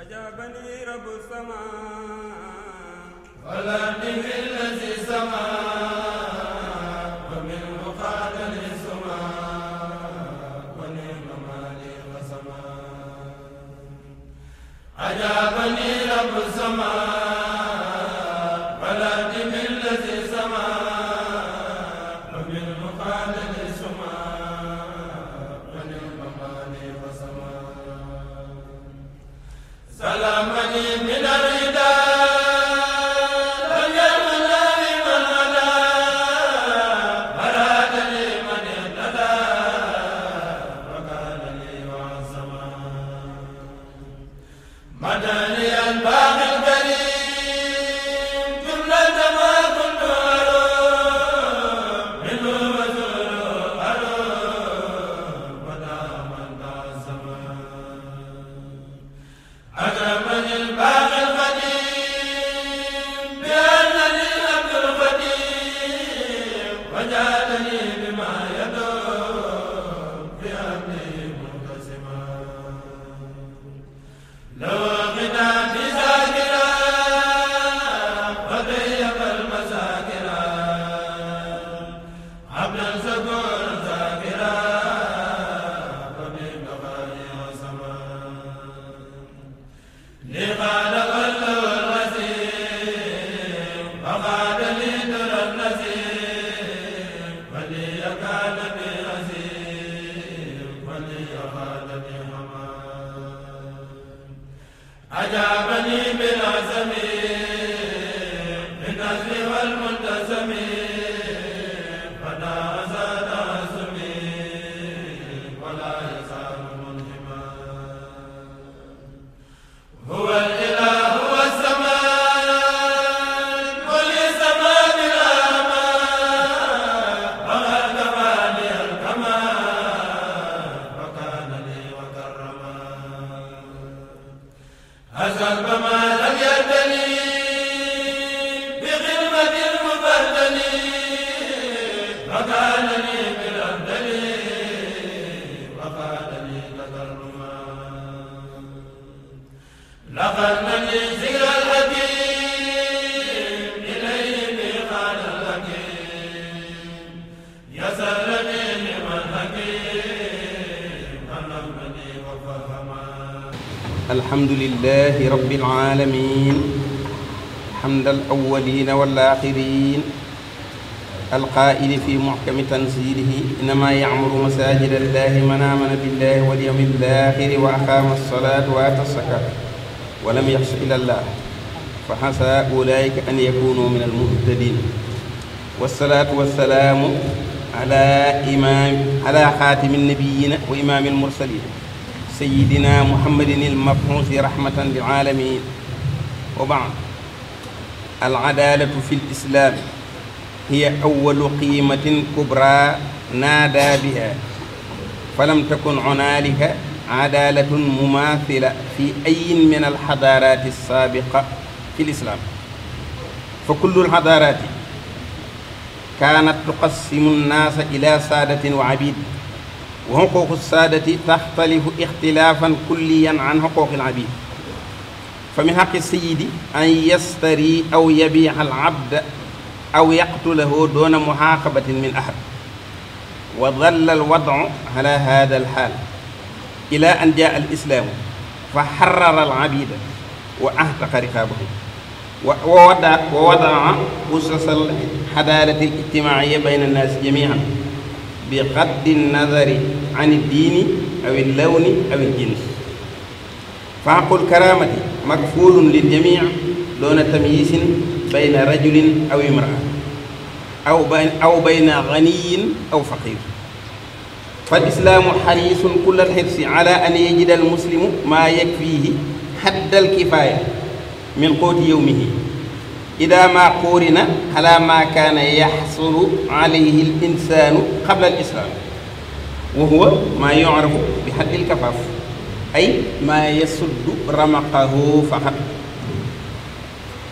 أجابني رب السماء ولكن الذي سماء ومنه قاتل السماء ونعم مالي وسماء أجابني رب السماء الأولين والآخرين القائل في محكم تنزيله إنما يعمر مساجد الله من آمن بالله واليوم الآخر وأقام الصلاة وآتى الزكاة ولم يخش إلا الله فحسى أولئك أن يكونوا من المهتدين والصلاة والسلام على إمام على خاتم النبيين وإمام المرسلين سيدنا محمد المبعوث رحمة للعالمين وبعد alcadaalatu fi lislaami hiya awalu qiimatin kubra naadaa biha falam takun hunaalika cadaalatun mumaathila fi ayin min alxadaaraati alsaabiqa fi lislaam fa kullu alxadaaraati kaanat tuqassimu annaasa ila saadatin wa abiid wa xuquuqu saadati taxtalifu ixtilaafan kulliyan an xuquuqi alabiid fa min xaqi sayidi an yastari aw yabiixa al abda aw yaqtulahu doona muxaaqabatin min ahad wa dalla al wadu ala hada al xaal ila an jaa al islaamu fa xarara al abida wa ahtaqa riqaabahum wa wada wa wadaa usasal xadaalati al ijtimaaciya bayna annaasi jamiican bi qaddi nnadari an iddiini aw illawni aw iljins fa xaqu lkaraamati makfuulun lil jamii doona tamyisin bayna rajulin aw imraa aw bay aw bayna ganiyin aw faqir fal islaamu xariisun kulla alxirsi ala an yajida almuslimu maa yakfiihi xadda alkifaaya min qooti yowmihi ida maa quurina ala maa kaana yaxsulu alayhi alinsaanu qabla alislaam wa huwa maa yucrafu bi xaddi alkafaaf ay maa yasuddu ramaqahu faqat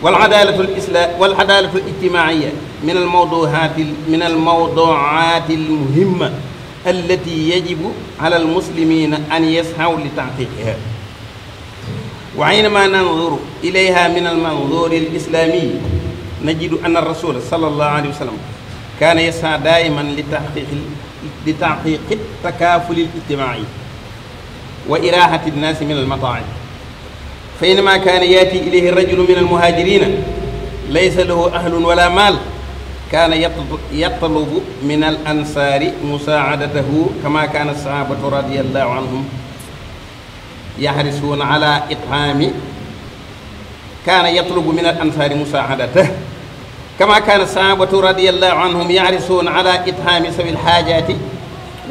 wal adaalatu al isla wal adaalatu al ijtimaaiya min al mawduaati min al mawduaati al muhimma allati yajibu ala al muslimina an yashaw li taxqiqiha wa aynama nanzuru ilayha min al manzuri al islami najidu anna rasula sallallahu alayhi wa sallam kaana yashaa daa'iman li taxqiqi li taxqiqi takaafuli al ijtimaai wa irahati nnaasi min almataaib fa innama kaana yaati ilayhi rajulu min almuhaajirina laysa lahu ahlun wala maal kaana yatalubu min al ansaari musaacadatahu kama kaana saxaabatu radiallahu anhum yaxrisuuna ala it'aami kaana yatlubu min al ansaari musaacadatahu kama kaana saxaabatu radiallahu anhum yaxrisuuna ala it'aami sawi alxaajaati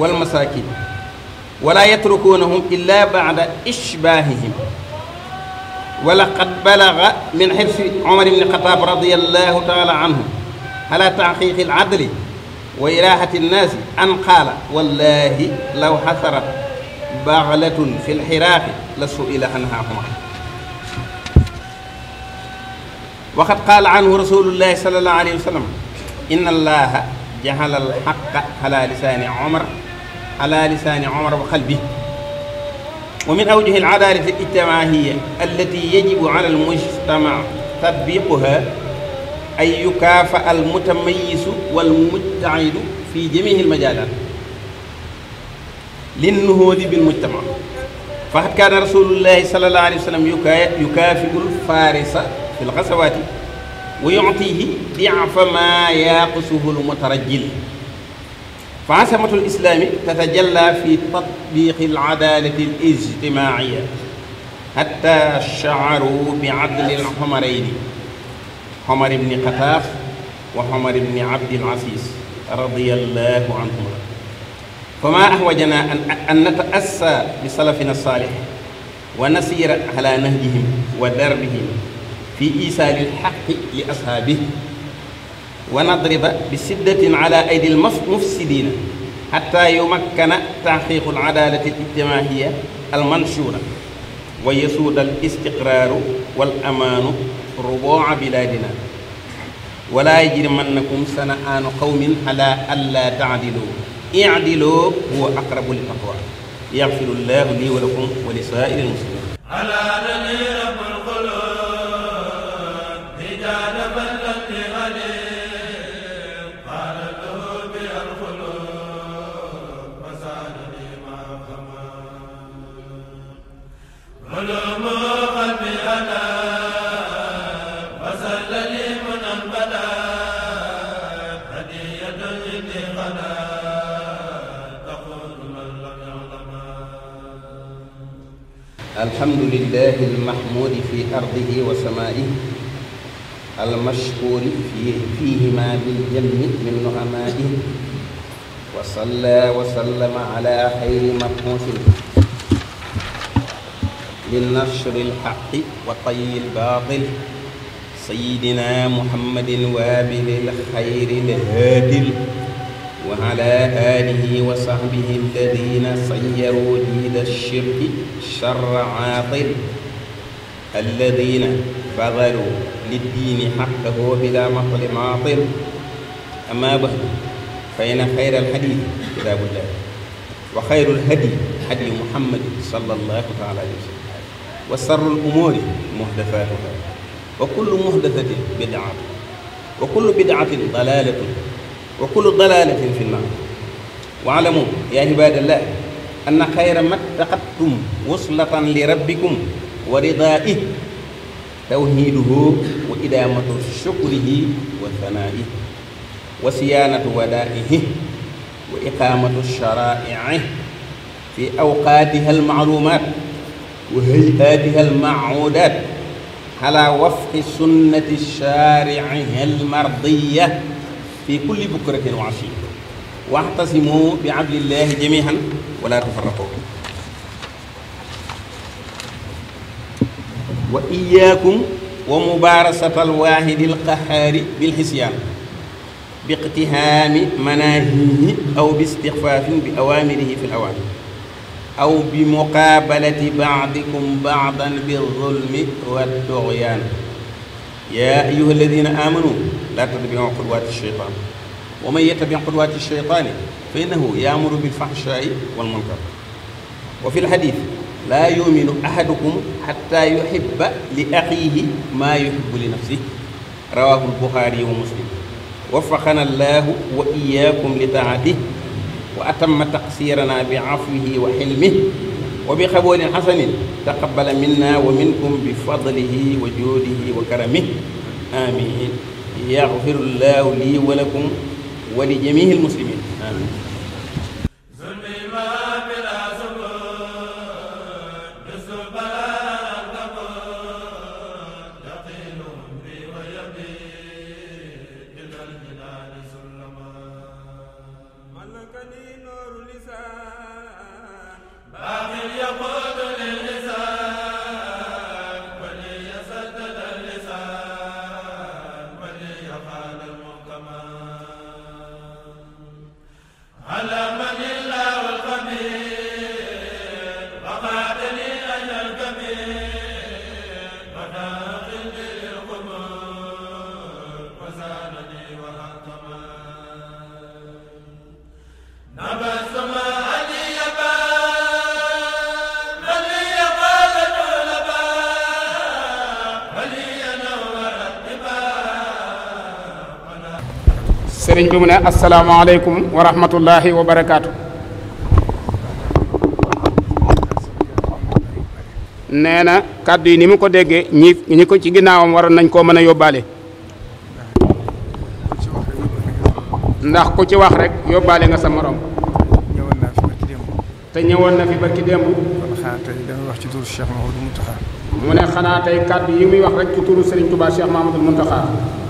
walmasaakin wala yatrukuunahum illa baada ishbaahihim wala qad balaga min xirsi omar ibni xataab radiallahu taala anhu ala taxqiqi aladli wa irahati annaasi an qaala wallahi law xasarat baxlatun fi lxiraaqi la suila anha huma waqad qaala anhu rasulullahi sal allahu alayhi wa sallam inna allaha jaxala alxaqa ala lisaani omar على لسان عمر وقلبه ومن أوجه العدالة الاجتماعية التي يجب على المجتمع تطبيقها أن يكافأ المتميز والمجتهد في جميع المجالات للنهوض بالمجتمع فقد كان رسول الله صلى الله عليه وسلم يكافئ الفارس في الغزوات ويعطيه ضعف ما ياقصه المترجل fa asamatul islaami tatajalla fi tatbiqi al adalati al ijtimaaiya xatta shaaru bi adli al xomarayni xomar ibni xataaf wa xomar ibni abdil asis radiyallahu anhuma فما أحوجنا أن أن نتأسى بسلفنا الصالح ونسير على نهجهم ودربهم في إيصال الحق لأصحابه wa nadriba bi siddatin ala aydi al mufsidiina xataa yumakkana taxqiiqu al adaalati al ijtimaahiya al manshuura wa yasuuda al istiqraaru wal amaanu rubooca bilaadina wala yajrimannakum sana'aanu qawmin ala allaa tacdiluu icdiluu huwa aqrabu li taqwa yaxfiru llaahu lii wa lakum wa li saa'iri l muslimiin الحمد لله المحمود في أرضه وسمائه المشكور فيه فيهما بالجم من نعمائه وصلى وسلم على خير مبعوث للنشر الحق وطي الباطل سيدنا محمد وابل الخير الهادل wa ala alihi wa sahbihi alladina sayaru diida shirki sharra aatil alladina badalu liddiini xaqahu bila maqli maatil amma ba'du fa inna xayra alhadii kitaabullah wa xayru alhadii hadii muhammadin sallallahu taala alayhi wa sallam wa sarru al-umuuri muhdasaatuha wa kullu muhdasatin bid'a wa kullu bid'atin dalaalatun wa kullu dalalatin fi nnar waalamu yaa ibadallah anna xayra mattaqattum waslatan li rabbikum wa ridaa'ih tawxiiduhu wa idaamatu shukrihi wa thanaa'ihi wa siyaanatu wadaa'ihi wa iqaamatu sharaa'ihi fi awqaatiha almacluumaat wa hay'aatiha almacuudaat ala wafqi sunnati shaari'iha almardiyya fii kulli bukratin wa ashi waxtasimu bi abdillahi jamihan wala tafarraqu wa iyaakum wa mubaarasata alwaahidi alqahaari bilxisyaan biqtihaami manaahihi aw bi istixfaafin bi awaamirihi fi lawaamir aw bi muqaabalati baadikum baadan bi zulmi wa dugyaan yaa ayuha alladina aamanu laa tattabi'u xudwaati sheytaan wa man yattabi' xudwaati sheytaani fa innahu yaamuru bil fahshaa'i wal munkar wa fi lxadiis laa yuminu ahadukum xatta yuhibba li axiihi maa yuhibbu li nafsihi rawaahu lbuxaari wa muslim waffaqana allaahu wa iyyaakum li taa'atihi wa atamma taqsiiranaa bi afwihi wa xilmihi wa bi qabuulin xasanin taqabbala minnaa wa minkum bi fadlihi wa juudihi wa karamihi aamiin yaxfirullaahu lii wa lakum wa li jamiihil muslimiin amiin nuyoo mu ne asalaamaaleykum wa rahmatullahi wa barakaatu. na kàddu yi ni mu ko déggee ñi ñi ko ci ginnaawam waroon nañ koo mën a yóbbaale. ndax ku ci wax rek yóbbaale nga sa morom. te ñëwoon na fi barki démb. kon xanaa wax ci turu Cheikh mu ne xanaa tey kàddu yi muy wax rek ci turu Serigne Touba Cheikh Mahamadou Mountakha.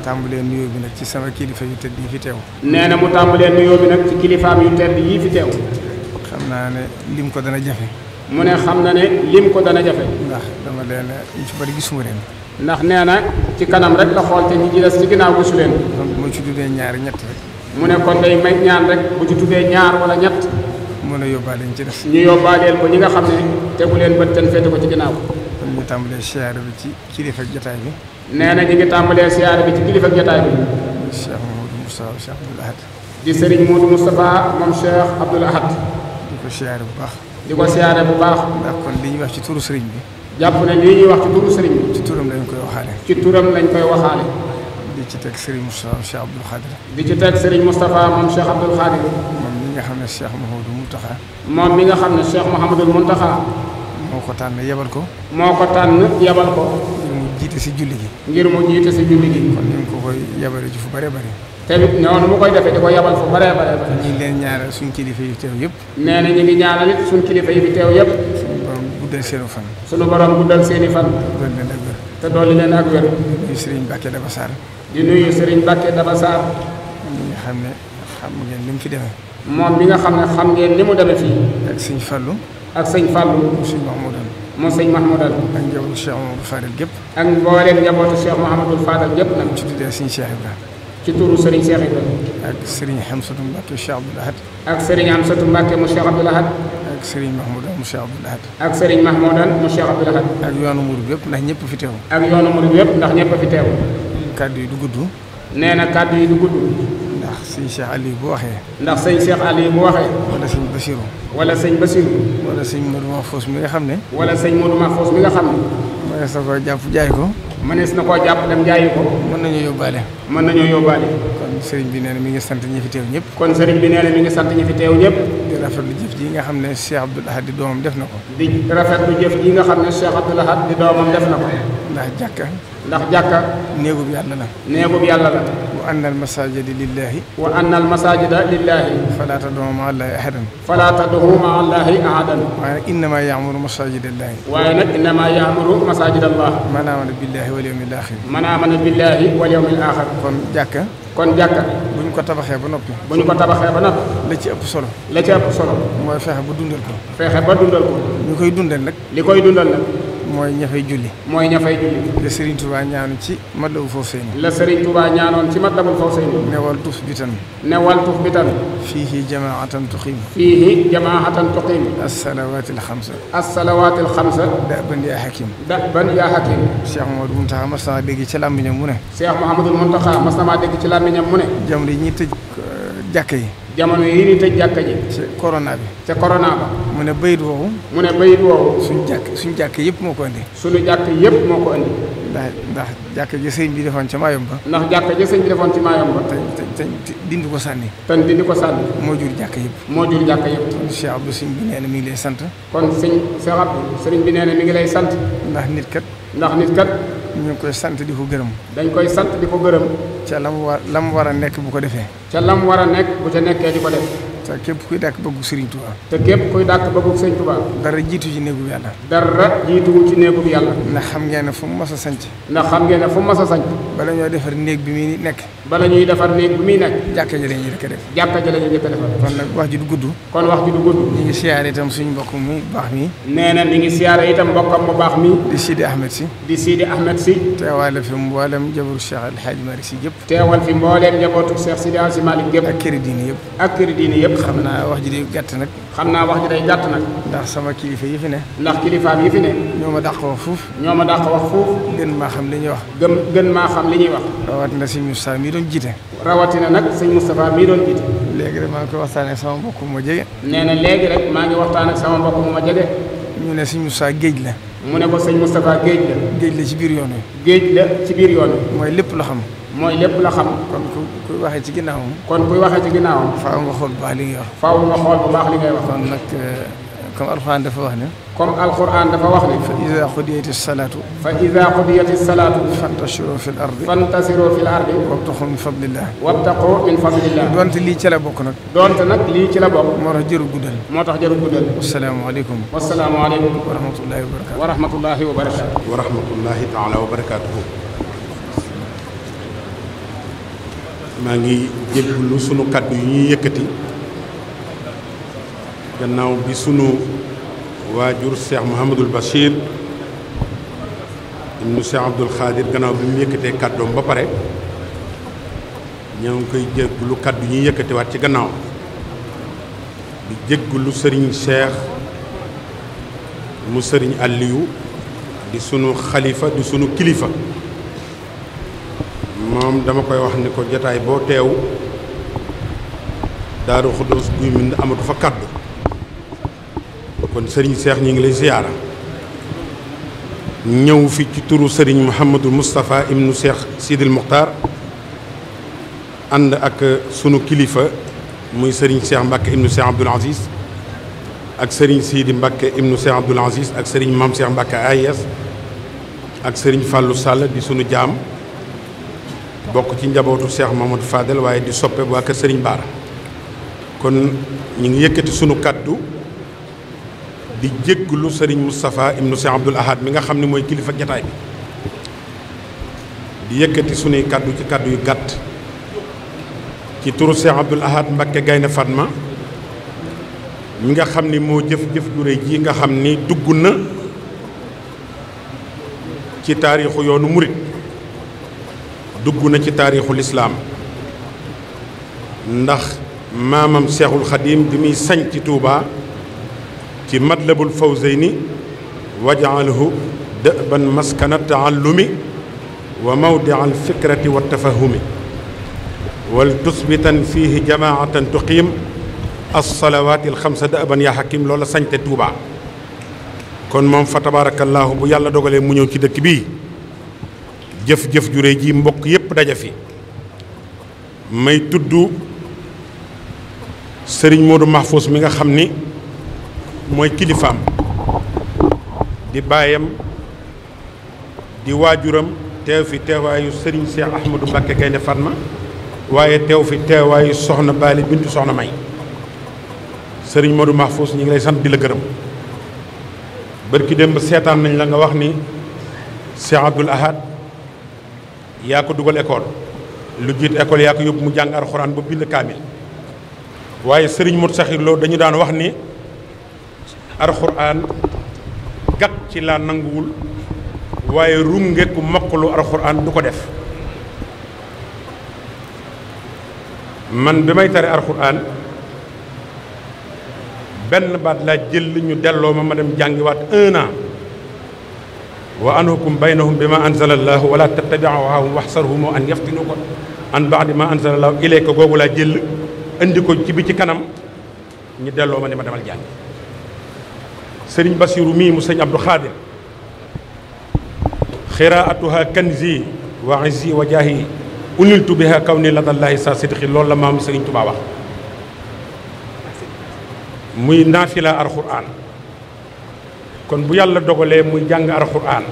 tàmbalee nuyoo bi nag ci sama kilifa yu tedd yi fi teew. nee na mu tàmbalee nuyoo bi nag ci kilifaam yu tedd yi fi teew. xam naa ne lim ko dana jafe. mu ne xam na ne lim ko dana jafe. ndax dama leen ñu ci bari gisuma leen. ndax nee na ci kanam rek la xool te ñi ci des ci ginnaaw gisu leen. kon bu ma ci ñett rek. mu ne kon day may ñaan rek bu ci tuddee ñaar wala ñett. mën a yóbbaale ñu ci des. ñu yóbbaaleel ko ñi nga xam ne tegu leen bët ten féete ko ci ginnaaw. kon ñu tàmbalee siyaare bi ci kilifa jotaay bi. nee na ñu ngi tàmbalee siyaare bi ci kilifa jotaay bi. Cheikh Mouhamadou Moustapha Cheikh Abdoul Ahad. di Serigne Modou Moustapha moom Cheikh Abdoul Ahad. di bu baax. di ko siyaare bu baax. ndax li ñuy wax ci turu Serigne bi. jàpp ne lii ñuy wax ci turu lañ koy waxaale. ci lañ koy waxaale. di ci teg Serigne Moustapha Cheikh Abdoul Khadir. di ci teg Serigne Moustapha moom Cheikh Abdoul Khadir. mi nga xam ne Cheikh Mouhamadou Mountakha. moom mi nga xam ne Cheikh Mouhamadou Mountakha. moo ko tànn yebal ko. moo ko tànn yebal ko. jiite si julli gi. ngir mu jiite si julli gi. kon ni ko koy yabale ci fu bare bare. tamit noonu mu koy defee di ko yabal fu bare bare. ñu ngi leen ñaanal suñ kilifa yi teew yëpp. nee na ñu ngi ñaanal it suñ kilifa yi teew yëpp. suñu borom guddal seeni fan. suñu seeni fan. te dolli leen ak wér. di nuyu Serigne Mbacke Daba Sarr. di nuyu Serigne Mbacke Daba Sarr. ñi nga xam ne xam ngeen ni mu fi demee. moom bi nga xam ne xam ngeen ni mu demee fii. ak sëñ Fallou. ak sëñ Fallou. suñu Mamadou. moom sëñ Mahmoudal. ak njabootu Cheikh Mouhamadou Fadal gépp. ak mbooleem njabootu Cheikh Mouhamadou Fadal gépp nag. ci tuddee sëñ Cheikh Ibrahima. ci turu Serigne Cheikh Ibrahima. ak Serigne Hamsatou Mbacke Cheikh Abdoul Ahad. ak Serigne Hamsatou Mbacke mu Cheikh Abdoul ak Serigne Mahmoudal mu Cheikh Abdoul ak Serigne Mahmoudal mu yoonu Mouride yëpp ndax ñëpp fi teew. ak yoonu Mouride yëpp ndax ñëpp fi teew. kaddu yi du gudd. nee na kaddu yi du gudd. sëñ Cheikh Aliou bu waxee. ndax sëñ Cheikh Aliou bu waxee. wala sëñ Bassirou. wala sëñ Bassirou. wala sëñ Modou Mahfous mi nga xam ne. wala sëñ Modou Mahfous mi nga xam ne. mënees na koo jàpp jaay ko. mënees na koo jàpp dem jaayi ko. mën nañoo yóbbaale. mën nañoo yóbbaale. kon sëriñ bi nee na mi ngi sant ñi fi teew ñëpp. kon sëriñ bi nee na mi ngi sant ñi fi teew ñëpp. di rafetlu jëf ji nga xam ne Cheikh Abdoul Ahad di doomam def na ko. di rafetlu jëf ji nga xam ne Cheikh Abdoul Ahad di doomam def na ko. ndax jàkka ndax jàkka néegub yàlla la néegub yàlla la wa anna al masajida lillahi wa anna al masajida lillahi falaa tad'u ma'a ahadan falaa tad'u ma'a allahi ahadan waaye nag innama ya'muru masajida allahi waaye nag innama ya'muru masajida allah man amana billahi wal yawmil akhir man amana billahi wal yawmil akhir kon jàkka kon jàkka bu ñu ko tabaxee ba noppi bu ñu ko tabaxee ba noppi la ci ëpp solo la ci ëpp solo mooy fexe ba dundal ko fexe ba dundal nag li mooy ña fay julli. mooy ña fay julli. la Serigne Touba ñaanoon ci Matlaboul Fawzayni. la Serigne Touba ñaanoon ci Matlaboul Fawzayni. newal tuuf bi tan. newal tuuf bi tan. fiihi jamaatan tuqiim. fiihi jamaatan tuqiim. assalawaatil xamsa. assalawaatil xamsa. da'ban yaa hakiim. da'ban yaa hakiim. Cheikh Mouhamadou Mountakha ma naa dégg ci làmmiñam mu ne. Cheikh Mouhamadou Mountakha ma samaa dégg ci làmmiñam mu ne. jamono yi ñuy tëj euh, jàkka yi. jamono yi ni tëj jàkka ji. ca corona bi. ca corona ba. mu ne bayit woowu. mu ne bayit woowu. suñ jàkk suñu jàkk yëpp moo ko indi. suñu jàkk yëpp moo ko indi. ndax ndax jàkka ji sëñ bi defoon ca Mayomba. ndax jàkka ji sëñ bi defoon ci Mayomba. te te dindi ko sànni. te dindi ko sànni. moo jur jàkka yëpp. moo jur jàkka yëpp. kon Cheikh Abdou bi nee na mi ngi lay sant. kon sëñ Cheikh Abdou sëriñ bi nee na mi ngi lay sant. ndax nit kat. ndax nit kat. ñu ngi koy sant di ko gërëm. dañ koy sant di ko gërëm. ca lam war lam war a nekk bu ko defee. ca lam war a nekk bu ca nekkee di ko def. te képp kuy dàkk bëggu Serigne Touba. te képp kuy dàkk bëggu Serigne Touba. dara jiitu ci néegub yàlla. dara jiituwu ci néegub yàlla. ndax xam ngeen ne fu mu mës a ndax xam ngeen ne fu masa mës a sanc. bala ñoo defar néeg bi muy nekk. bala ñuy defar néeg bi muy nekk. jàkka ji a def. jàkka a defar. kon nag wax ji du gudd. kon wax ji du gudd. ñu ngi siyaare itam suñu mbokk mu baax mi. nee na mi ngi siyaare itam mbokkam baax mi. di Sidi Ahmed si. di Sidi si. teewaale fi mboolem jabaru Cheikh Alhaji Malick si yëpp. teewal fi mbooleem njabootu Cheikh Sidi Alhaji Malick yëpp. ak këri diini yëpp. yëpp. xam naa wax ji day gàtt nag xam naa wax ji day gàtt nag ndax sama kilifa yi fi ne ndax kilifaam yi fi ne ñoo ma dàq wax fuuf ñoo ma dàq wax fuuf gën maa xam li ñuy wax gën gën maa xam li ñuy wax rawatina sëñ Moustapha mii doon jiite rawatina nag sëñ Moustapha mii doon jiite léegi rek maa ngi koy waxtaan ak sama mbokk ma jege nee na rek maa ngi waxtaan ak sama mbokk ma jege ñu ne sëñ Moustapha géej la mu ne ko sëñ Moustapha géej la géej la ci biir yoon wi géej ci biir yoon mooy lépp loo xam mooy lépp la xam. kon ku kuy waxee ci ginnaawam. kon kuy waxee ci ginnaawam. faaw nga xool bu baax li ngay wax. faaw nga xool bu baax li ngay wax. kon nag euh, comme alxuraan dafa wax ne. comme alxuraan dafa wax ne. fa iza qudiyati salaatu. fa iza qudiyati salaatu. fantasiroo fil ardi. fantasiroo fil ardi. wabtaqu min fadlillah. wabtaqu min fadlillah. donte lii ci la bokk nag. donte nag lii ci la bokk. moo tax jëru guddal. moo tax jëru guddal. asalaamaaleykum. wa salaamualeykum. wa rahmatullahi wa barakaatu. wa rahmatullahi wa barakaatu. wa rahmatullahi taala wa barakaatu. maa ngi jégglu sunu kàddu yu ñuy yëkkati gannaaw bi sunu waajur Cheikh Mouhamadul Bachir ibnu Cheikh Abdoul Khadir gannaaw bi mu yëkkatee kàddoom ba pare ñoo ngi koy jégglu kàdd yu ñuy waat ci gannaaw di lu sëriñ Cheikh mu sëriñ Aliou di sunu xalifa di sunu kilifa moom dama koy wax ni ko jataay boo teew daaru xuddoos guy mbind amatu fa kàddu kon sëriñ seex ñu ngi lay ziyaara ñëw fi ci turu sëriñ Mouhamadou mustafa ibnu Seex Sidil Muxtaar ànd ak sunu kilifa muy sëriñ Seex Mbàkke ibnu Seex Abdul Aziz ak sëriñ Sidi Mbàkke ibnu Seex Abdul Aziz ak sëriñ Maam Seex Mbàkke Ayes ak sëriñ Fàllu Sall di sunu jaam bokk ci njabootu Cheikh Mamadou Fadel waaye di soppe waa kër Serigne Baara kon ñu ngi yëkkati sunu kàddu di jégglu Serigne Moustapha ibnu Cheikh Abdoul Ahad mi nga xam ne mooy kilifa jataay yëkkati sunuy kàddu ci kàddu yu gàtt ci turu Cheikh Abdoul Ahad Gaynde Fatma mi nga xam ni moo jëf jëf ju rëy ji nga xam ni dugg na ci taarixu yoonu murit dugg na ci taarixu lislaam ndax maamam Seexul Xadiim bi muy sañ ci Tuubaa ci matlabul ni wajaalhu dëban maskana taallumi wa mawdia alfikrati wa tafahumi wal tusbitan fiihi jamaatan tuqiim alsalawaati alxamsa dëban yaa xakim loola sañte Tuubaa kon moom fa tabaarakallaahu bu yàlla dogalee mu ñëw ci dëkk bii jëf jëf jure ji mbokk yépp daja fi may tudd sëriñ Modou Mahfous mi nga xam ni mooy kilifaam di baayam di waajuram teew fi teewaayu sëriñ Cheikh Ahmadou Mbacké Gaynde Fatma waaye teew fi teewaayu soxna Baali bintu soxna May sëriñ Modou Mahfous ñu ngi lay sant di la gërëm bërki démb seetaan nañ la nga wax ni Cheikh Abdoul Ahad yaa ko dugal école lu jiit école yaa ko yóbbu mu jàng alxuraan ba bind kaamil waaye sëriñ mot sa loo dañu daan wax ni alxuraan gàtt ci laa nanguwul waaye runge ku mokkalu alxuraan du ko def man bi may tare alxuraan benn baat laa jël ñu delloo ma ma dem jàngiwaat un wa anhukum baynahum bi ma anzala allahu wala tattabi ahwaahum waxsarhumu an yaftinuka an ma anzala allahu ilayka googu laa jël indi ko ci bi ci kanam ñu delloo ma ne ma demal jàng sëriñ basiru mii mu sëñ abdou xaadir xiraatuha kanzi wa izzi wa jaahi uniltu biha kaw ni ladallaahi sa sidqi lool la maam sëriñ tubaa wax muy naafila alxuraan kon bu yàlla dogalee muy jàng alxuraan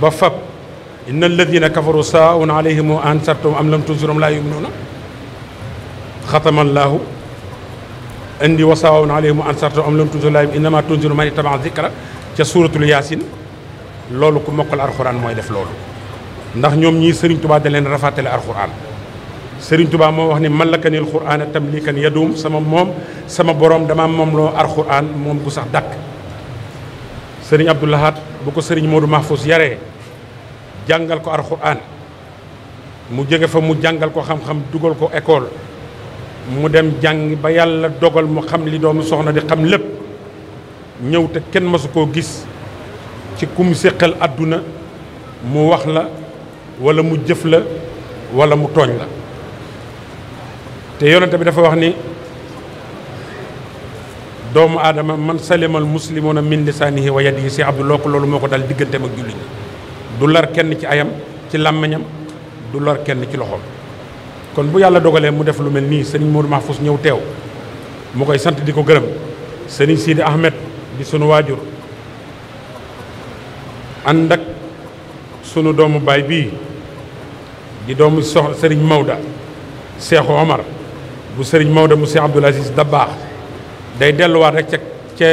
ba fab inna alladina kafaru saaun alayhim wa ansartum am lam tunsirum laa yuminuuna xatamallaahu indi wa saaun alayhim wa ansartum am lam tunsirum laa yuminuuna innama tunsiru man ittaba zikra ca suuratul yaasin loolu ku mokkal alxuraan mooy def loolu ndax ñoom ñii sëriñ tubaa da leen rafatale alxuraan sëriñ tubaa moo wax ni a mallakanil quraana tamlikan yadum sama moom sama boroom dama moom loo alxuraan moom gu sax dàkk sëriñ Abdou bu ko sëriñ Modou Mahfous yare jàngal ko alxuraan mu jóge fa mu jàngal ko xam-xam dugal ko école mu dem jàng ba yàlla dogal mu xam li doomu soxna di xam lépp ñëw te kenn masu koo gis ci kum séqal àdduna mu wax la walla mu jëf la wala mu tooñ la te yonente bi dafa wax ni doomu aadama man salimal muslimuna min lisaanihi wa yadihi si abdu lokk loolu moo ko dal digganteem ak jullit du lar kenn ci ayam ci làmmiñam du lor kenn ci loxoom kon bu yàlla dogalee mu def lu mel nii sëriñ Modou Mahfous ñëw teew mu koy sant di ko gërëm sëriñ Sidi Ahmed di suñu waajur ànd ak sunu doomu baay bii di doomu sox sëriñ Maoda Cheikh Omar bu sëriñ Maoda mu Cheikh Abdoul Aziz Dabakh day delluwaat rek ca ca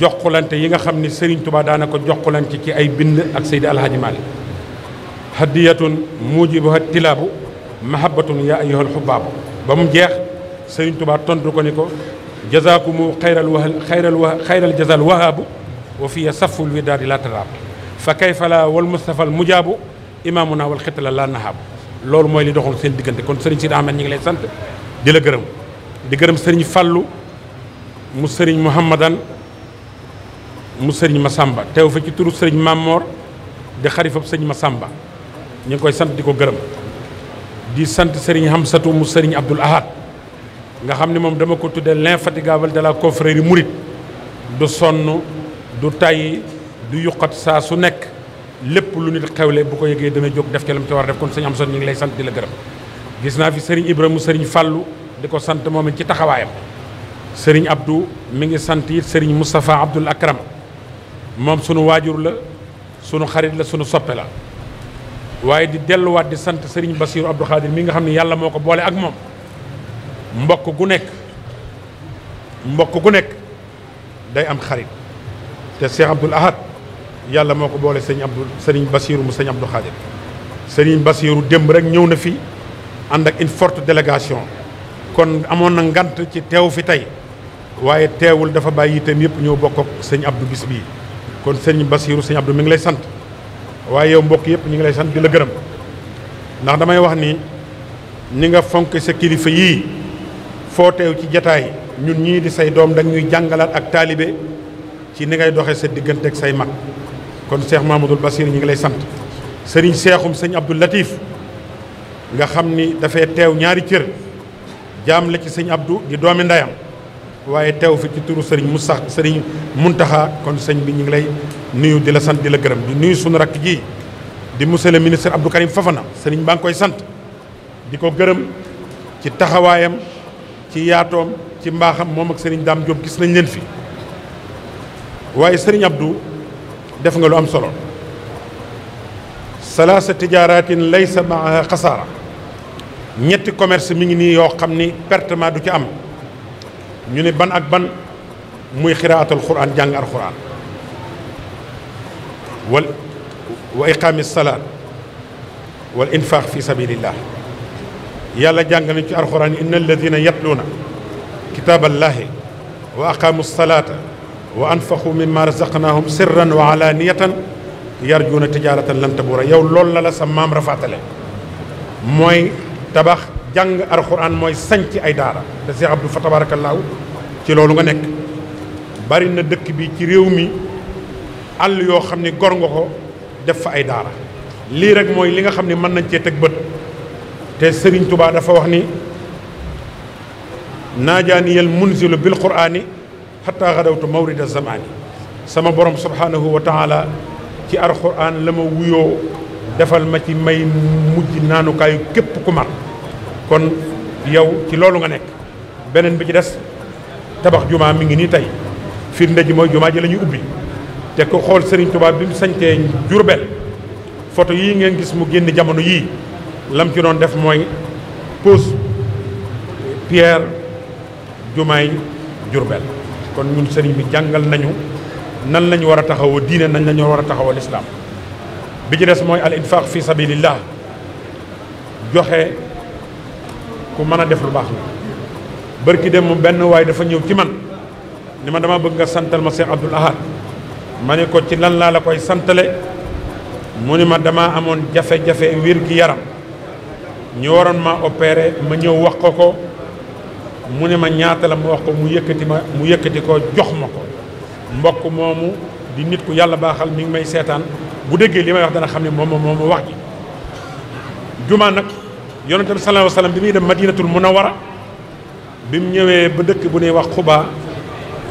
joxulante yi nga xam ni sëriñ tubaa daana ko joxulante ci ay bind ak Seydi Alhaji Malick hadiyatun mujibuha tilaabu mahabbatun yaa ayyuhal xubbaabu ba mu jeex Serigne Touba tontu ko ni ko jazaakumu xayral wa xayral wa xayral jazal wahaabu wa fiya saful widaadi laa taraabu fa kayfa laa wal mustafal mujaabu imaamuna wal xitla laa nahaabu loolu mooy li doxoon seen diggante kon Serigne Sidi Ahmed ñu ngi lay sant di la gërëm di gërëm sëriñ Fallou mu sëriñ Mouhamadan mu sëriñ Massamba teew fa ci turu sëriñ Mamor di xarifab sëriñ Massamba ñu ngi koy sant di ko gërëm di sant sëriñ Hamsatu mu sëriñ Abdoul Ahad nga xam ni moom dama ko tuddee l'infatigable de la confrérie mouride du sonn du tayyi du yuqat saa su nekk lépp lu nit xewle bu ko yëgee dana jóg def ca lam ci war a def kon sëriñ Hamsatu ñu ngi lay sant di la gërëm gis naa fi sëriñ Ibrahima mu sëriñ Fàllu di ko sant moom ci taxawaayam sëriñ abdu mi ngi sant it sëriñ Moustapha Abdoul Akram moom sunu waajur la sunu xarit la sunu soppe la waaye di delluwaat di sant sëriñ Bassirou Abdou Khadir mi nga xam ne yàlla moo ko boole ak moom mbokk gu nekk mbokk gu nekk day am xarit te Cheikh Abdoul Ahad yàlla moo ko boole sëriñ Abdou sëriñ Bassirou mu sëriñ Abdou Khadir sëriñ Bassirou démb rek ñëw na fi ànd ak une forte délégation kon amoon na ngant ci teew fi tey waaye teewul dafa bàyyi itam yëpp ñëw bokk ak sëñ Abdou bis bii kon sëñ Basiirou sëñ Abdou mi ngi lay sant waaye yow mbokk yëpp ñu ngi lay sant di la gërëm ndax damay wax ni ni nga fonk sa kilifa yii foo teew ci jataay ñun ñii di say doom dañ ñuy jàngalaat ak taalibe ci ni ngay doxee sa diggante ak say mag kon Cheikh Mahmoudul Basir ñu ngi lay sant sëriñ seexum sëñ Abdou Latif nga xam ni dafay teew ñaari cër jaam la ci sëñ Abdou di doomi ndeyam waaye teew fi ci turu sëriñ sax sëriñ Muntaxa kon sëñ bi ñu ngi lay nuyu di la sant di la gërëm di nuyu suñu rakk ji di monsieur le ministre Abdou Karim Fafana sëriñ baa ngi koy sant di ko gërëm ci taxawaayam ci yaatoom ci mbaaxam moom ak sëriñ Dame Diop gis nañ leen fi waaye sëriñ Abdou def nga lu am solo salaasa tijaaraatin laysa maaha xasaara ñetti commerce mi ngi nii yoo xam ni pertement du ci am ñu ne ban ak ban muy xiraatal quran jàng al quran wal wa iqaami salaat wal infaq fi sabilillah yàlla jàng nañ ci alquran inna alladina yatluuna kitaaballahi wa aqaamu salaata wa anfaqu mimma razaqnahum sirran wa alaaniyatan yarjuuna tijaaratan lan tabuura yow loolu la la sa maam rafaatale mooy tabax jàng alxuraan mooy sanc ay daara te Cheikh Abdou fa tabaarakallaahu ci loolu nga nekk bari na dëkk bi ci réew mi àll yoo xam ni gor nga ko def fa ay daara lii rek mooy li nga xam ni mën nañ cee teg bët te Sëriñ Tubaa dafa wax ni naajaaniyal munzilu bil quraani xataa xadawtu mawrida zamaani sama borom subhaanahu wa taala ci alxuraan la ma wuyoo defal ma ci may mujj naanukaayu képp ku kon yow ci loolu nga nekk beneen bi ci des tabax jumaa mi ngi nii tey firnde ji mooy jumaa ji la ubbi te ko xool sëriñ Touba bi mu sañtee Jurbel photo yii ngeen gis mu génn jamono yii lam ci doon def mooy pose pierre jumaay Jurbel kon ñun Serigne bi jàngal nañu nan lañu war a taxawoo diine nan lañu war a taxawoo lislaam bi ci des mooy al infaq fi sabilillah joxe ku mën a def lu baax la ki dem mu benn waaye dafa ñëw ci man ni ma dama bëgg nga santal ma Cheikh Abdoul Ahad ma ne ko ci lan laa la koy santale mu ni ma dama amoon jafe-jafe wér gi yaram ñu waroon ma opeere ma ñëw wax ko ko mu ne ma ñaata la ma wax ko mu yëkkati ma mu yëkkati ko jox ma ko mbokk moomu di nit ku yàlla baaxal mi ngi may seetaan bu déggee li may wax dana xam ne moom moom wax ji juma nag yonente bi sallallahu alayhi wa sallam bi muy dem madinatul munawara bi mu ñëwee ba dëkk bu ñuy wax xubaa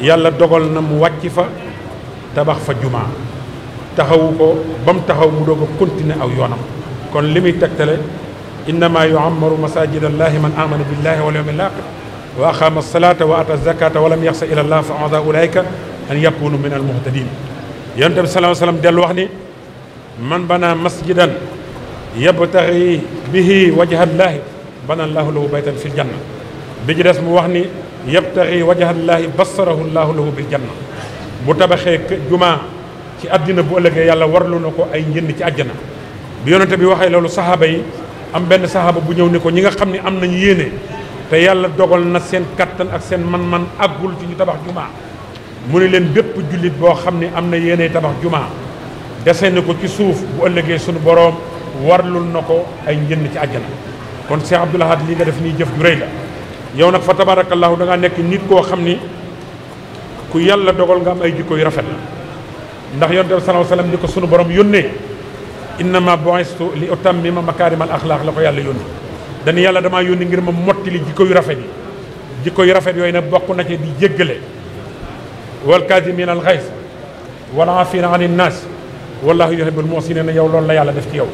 yàlla dogal na mu wàcc fa tabax fa jumaa taxawu ko ba mu taxaw wu doog a continuer aw yoonam kon li muy tegtale innama yuammaru masajid allahi man amana billahi wal yawmil aaxir wa a salata wa ata zakata wa lam yaxsa ila allah fa ada ulaika an yakunu min al muhtadin bi sallallahu wa sallam dellu wax ni man bana masjidan yabtaxi bi bihi wajhallaahi banallaahu lahu baytan fil janna bi ci des mu wax ni yabtaxi wajhallaahi basarahu llaahu lahu bil janna bu tabaxee jumaa ci àddina bu ëllëgee yàlla warlu ko ay njënd ci àjjana bi yonente bi waxee loolu saxaaba yi am benn saxaaba bu ñëw ni ko ñi nga xam ne am nañu yéene te yàlla dogal na seen kattan ak seen man-man àggul ci ñu tabax jumaa mu ne leen bépp jullit boo xam ne am na yéene tabax jumaa dese ko ci suuf ëllëgee sunu boroom warlul na ko ay njënd ci àjjana kon Cheikh Abdoul Ahad lii nga def nii jëf ju la yow nag fa tabarakallahu da ngaa nekk nit koo xam ni ku yàlla dogal nga am ay jikko yu rafet ndax yonte bi sallallahu alayhi wasallam ni ko sunu borom yónnee innama bu'istu li utammima makaarimal axlaaq la ko yàlla yónni dañu yàlla dama yónni ngir ma mottali jikko yu rafet yi jikko yu rafet yooyu nag bokk na ci di jéggale wal kaazimiina al ghays wal aafiina anin naas wallaahu yuhibbul muhsiniin yow loolu la yàlla def ci yow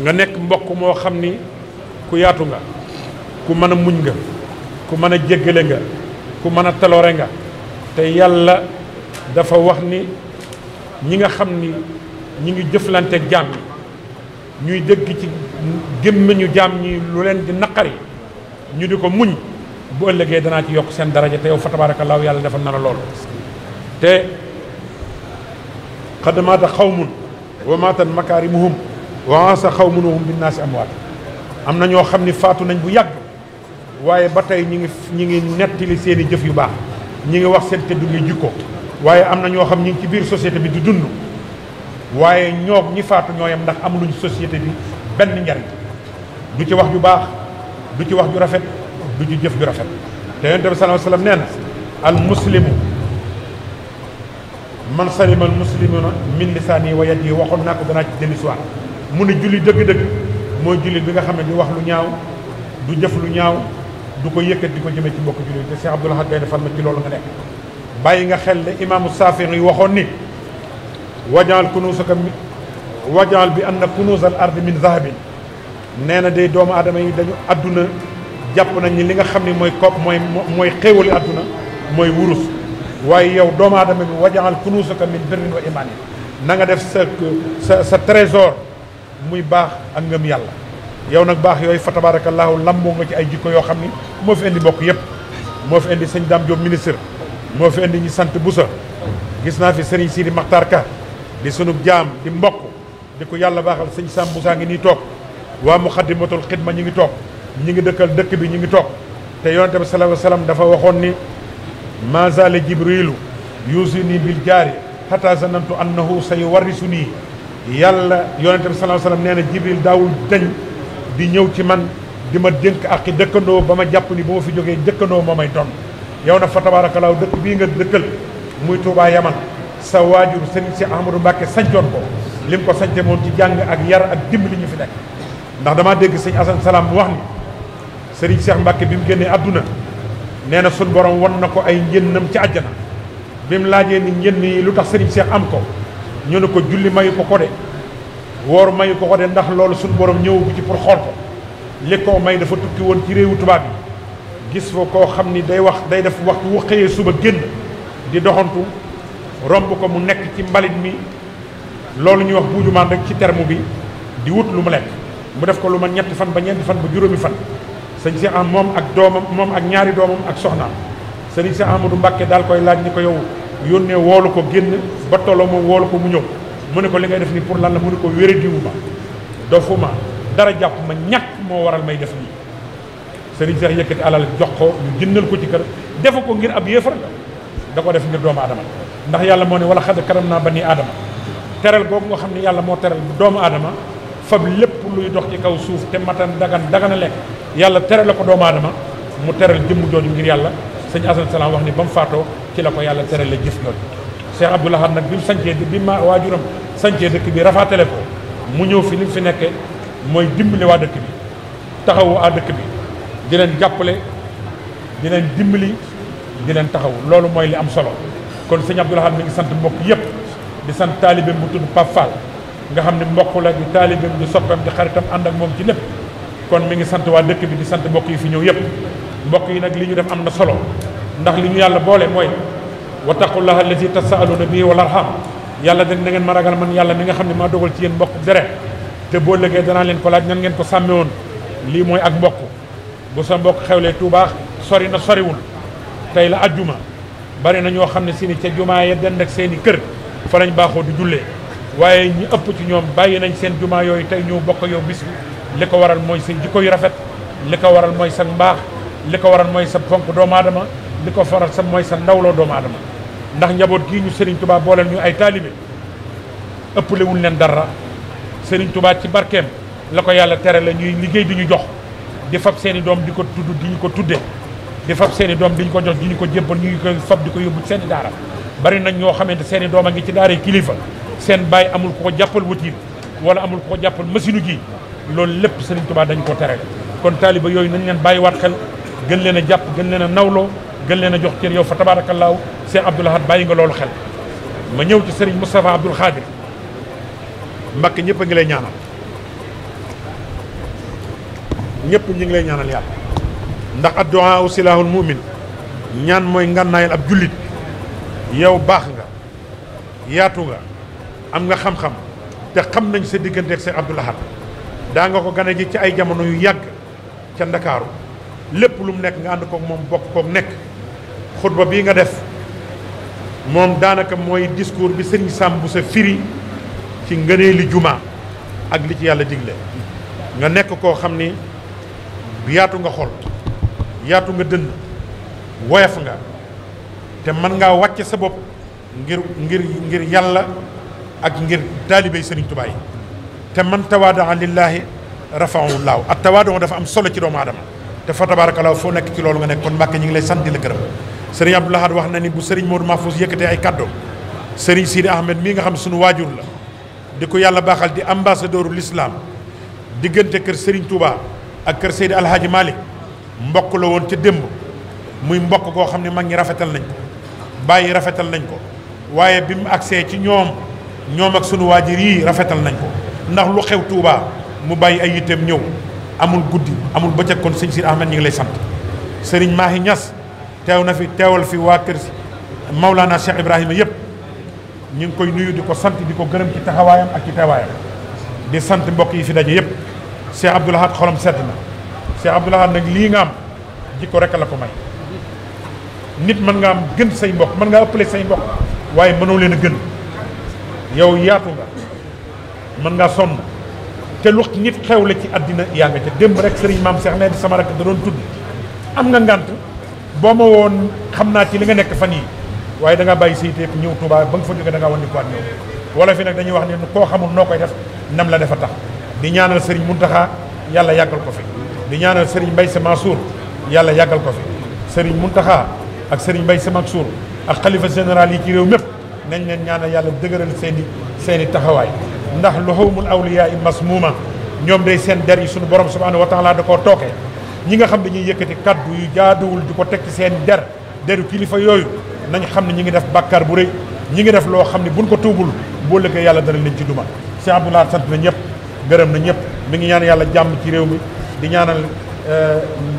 nga nekk mbokk moo xam ni ku yaatu nga ku mën a muñ nga ku mën a jéggale nga ku mën a taloore nga te yàlla dafa wax ni ñi nga xam ni ñi ngi jëflante jaam yi ñuy dégg ci gémmiñu jaam ñi lu leen di naqari ñu di ko muñ bu ëllëgee danaa ci yokk seen daraja te yow fa tabaarakallaahu yàlla dafa nara loolu te xadamaata xawmun wa maatan makaarimuhum wa sa xaw mënuhum bin naasi amwaat am na ñoo xam ni faatu nañ bu yàgg waaye ba tey ñi ngi ñi ngi nettali seen i jëf yu baax ñi ngi wax seen tëdd ngi jikko waaye am na ñoo xam ñi ngi ci biir société bi di dund waaye ñoog ñi faatu ñooyam ndax am luñ société bi benn njariñ du ci wax ju baax du ci wax ju rafet du ci jëf ju rafet te yonent bi sallallahu alayhi wasallam nee na al muslimu man salima al muslimuna min lisaani wa yadihi waxoon naa ko danaa ci dellu si waat mun ne julli dëgg-dëgg mooy julli bi nga xam ne du wax lu ñaaw du jëf lu ñaaw du ko yëkkat di ko jëmee ci mbokk julli te Cheikh Abdoul Ahad day defal ma ci loolu nga nekk bàyyi nga xel ne imaamu Saafi'i waxoon ni wajaal kunuusaka wajaal bi anna kunuusal ardi min zahabin nee na day doomu aadama yi dañu àdduna jàpp nañ ni li nga xam ne mooy ko mooy mooy xéewali adduna mooy wurus waaye yow doomu aadama bi wajaal kunuusaka min birrin wa imaanin na nga def sa sa sa trésor muy baax ak ngëm yàlla yow nag baax yooyu fa tabaarakallaahu lamboo nga ci ay jikko yoo xam ni moo fi indi mbokk yëpp moo fi indi sëñ Dame Diop ministre moo fi indi ñi sant Boussa gis naa fi sëriñ Sidi Makhtar Ka di sunub jaam di mbokk di ko yàlla baaxal sëñ Sam Boussa ngi nii toog waa Muxaddamatul Xidma ñi ngi toog ñi ngi dëkkal dëkk bi ñi ngi toog te yonente bi sallallahu alayhi wa sallam dafa waxoon ni mazale jibrilu yuusini bil jaari xata zanantu annahu sa yuwarrisu nii yàlla yonente bi sallallahu alayhi wa sallam nee na jibril daawul dañ di ñëw ci man di ma dénk ak i dëkkandoo ba ma jàpp ni bu ma fi jógee dëkkandoo moo may doon yow na fa tabaarakalaaw dëkk bii nga dëkkal muy Touba Yaman sa waajur sëriñ si Ahmadou Mbacke sancoon ko li mu ko sance moom ci jàng ak yar ak dimbali ñu fi ndax damaa dégg sëñ Assane Salam bu wax ni sëriñ Cheikh Mbacke bi mu génnee adduna nee na sun borom wan na ko ay njënnam ci àjjana bi mu laajee ni njënn yi lu tax sëriñ Cheikh am ko ñu ne ko julli mayu ko kode de woor mayu ko ko de ndax loolu suñu borom ñëwagu ci pour xool ko li ko may dafa tukki woon ci réewu tubaab yi gis fa koo xam ni day wax day def waxtu wu xëyee suba génn di doxantu romb ko mu nekk ci mbalit mi loolu ñuy wax buujumaan rek ci termu bi di wut lu mu lekk mu def ko lu ma ñetti fan ba ñeenti fan ba juróomi fan sëñ si am moom ak doomam moom ak ñaari doomam ak soxnaam sëriñ si Amadou Mbàkke daal koy laaj ni ko yow yónnee woolu ko génn ba tolloo moom woolu ko mu ñëw mu ne ko li ngay def nii pour lan la mu ne ko wére diwuma dofuma dara jàpp ma ñàkk moo waral may def nii sëriñ Seex yëkkati alal jox ko ñu jëndal ko ci kër defu ko ngir ab yéefar da ko def ngir doomu aadama ndax yàlla moo ne wala xad karam naa ba nii aadama tereel googu nga xam ne yàlla moo teral doomu aadama fab lépp luy dox ci kaw suuf te matan dagan dagan a yàlla teral la ko doomu aadama mu teral jëmm jooju yàlla sëñ Asan Salaam wax ni ba mu faatoo ci la ko yàlla tere la gis loolu Cheikh Abdoul Ahad nag bi mu sancee bi ma waajuram sancee dëkk bi rafaatale ko mu ñëw fi li mu fi nekkee mooy dimbali waa dëkk bi taxawu waa dëkk bi di leen jàppale di leen dimbali di leen taxaw loolu mooy li am solo kon sëñ Abdoul Ahad mi ngi sant mbokk yëpp di sant taalibeem bu tudd Pape Fall nga xam ne mbokk la di taalibeem di soppeem di xaritam ànd ak moom ci lépp kon mu ngi sant waa dëkk bi di sant mbokk yi fi ñëw yëpp mbokk yi nag li ñu def am na solo ndax li ñu yàlla boole mooy wa taqullaha allati tasaaluna bihi wal arham yàlla da ngeen ma ragal man yàlla mi nga xam ne maa dogal ci yéen mbokk deret te boo lëggee danaa leen ko laaj nan ko sàmme woon lii mooy ak mbokk bu sa mbokk xew xewlee Tuubaa sori na soriwul tey la ajjuma bari na ñoo xam ne si ni ca jumaa ya dend ak seen i kër fa lañ baaxoo di jullee waaye ñi ëpp ci ñoom bàyyi nañ seen jumaa yooyu tey ñëw bokk yow bis bi li ko waral mooy sa jikko yu rafet li ko waral mooy sa mbaax li ko waral mooy sa fonk doomu li ko faral sa mooy sa ndawloo doomu adama ndax njaboot gii ñu Serigne Touba booleel ñu ay taalibe ëpplewul leen dara Serigne Touba ci barkeem la ko yàlla tere la ñuy liggéey di ñu jox di fab seen doom di ko tudd di ñu ko tudde di fab seen doom di ñu ko jox di ñu ko jébbal ñu ngi koy fab di ko yóbbu seeni i daara bari nañ ñoo xamante seen i doom a ngi ci daara kilifa seen baay amul ku ko jàppal watiir wala amul ko jàppal masinu jii loolu lépp Serigne Touba dañ ko tere kon taaliba yooyu nañ leen bàyyiwaat xel gën leen a jàpp gën leen a gën leen a jox cër yow fa tabaarakallaahu Cheikh Abdoul Ahad bàyyi nga loolu xel ma ñëw ci Serigne Moustapha Abdoul Khadir Mbàkke a ngi lay ñaanal ñëpp ñu ngi lay ñaanal yàlla ndax addu'a silaahul mu'min ñaan mooy ngànnaayal ab jullit yow baax nga yaatu nga am nga xam-xam te xam nañ sa digganteek ak Cheikh daa nga ko gane ji ci ay jamono yu yàgg ca Ndakaaru lépp lu mu nekk nga ànd koog moom bokk koog nekk xutba bii nga def moom daanaka mooy discours bi sëriñ sàmm bu sa firi ci ngënee li juma ak li ci yàlla digle nga nekk koo xam ni yaatu nga xol yaatu nga dënn woyof nga te mën ngaa wàcce sa bopp ngir ngir ngir yàlla ak ngir taalibey sëriñ Tuubaa yi te man tawaadaa lillaahi rafahu laahu at tawaadoo dafa am solo ci doomu aadama te fa tabaarakallaahu foo nekk ci loolu nga nekk kon Mbàkke ñu ngi lay sant la gërëm sëriñ Abdou Lahad wax na ni bu sëriñ Modou Mahfouz yëkkatee ay kàddoom sëriñ Sidi Ahmed mii nga xam sunu waajur la di ko yàlla baaxal di ambassadeuru l'islam diggante kër sëriñ Touba ak kër Seydi Alhaji Malick mbokk la woon ca démb muy mbokk koo xam ne mag ñi rafetal nañ ko bàyyi rafetal nañ ko waaye bi mu agsee ci ñoom ñoom ak sunu waajur yii rafetal nañ ko ndax lu xew Touba mu bàyyi ay yitteem ñëw amul guddi amul bëccëg kon sëñ Sidi Ahmed ñu ngi lay sant sëriñ Mahi Niass. teew na fi teewal fi waa kër Maulana Cheikh Ibrahima yëpp ñu ngi koy nuyu di ko sant di ko gërëm ci taxawaayam ak ci teewaayam di sant mbokk yi fi daje yëpp Cheikh Abdoul Ahad xolam sedd na Cheikh Abdoul Ahad nag lii nga am jikko rek la ko may nit mën nga am gën say mbokk mën ngaa ëppale say mbokk waaye mënoo leen a gën yow yaatu nga mën ngaa sonn te lu nit xew la ci àddina yaa nga ca démb rek sëriñ maam seex ne di sama rakk da doon tudd am nga ngànt boo ma woon xam naa ci li nga nekk fan yi waaye da ngaa bàyyi say tépp ñëw Touba ba nga fa jóge da ngaa wan ni kuwaat ñëw wala fi nag dañuy wax ne koo xamul noo koy def nam la defa tax di ñaanal Serigne Mountakha yàlla yàggal ko fi di ñaanal Serigne Mbaye Sy Mansour yàlla yàggal ko fi Serigne Mountakha ak Serigne Mbaye Sy Mansour ak xalifa général yi ci réew mépp nañ leen ñaanal yàlla dëgëral seen i seen i taxawaay ndax luhumul awliyaa i masmuuma ñoom day seen der yi suñu borom subhanahu wa taala da koo tookee ñi nga xam dañuy yëkkati kàddu yi jaaduwul di ko teg ci seen der deru kilifa yooyu nañ xam ne ñi ngi def bàkkaar bu rëy ñi ngi def loo xam ne buñ ko tuubul boo lëggee yàlla dana leen ci duma Cheikh Abdou Lahad sant na ñëpp gërëm na ñëpp mi ngi ñaan yàlla jàmm ci réew mi di ñaanal euh,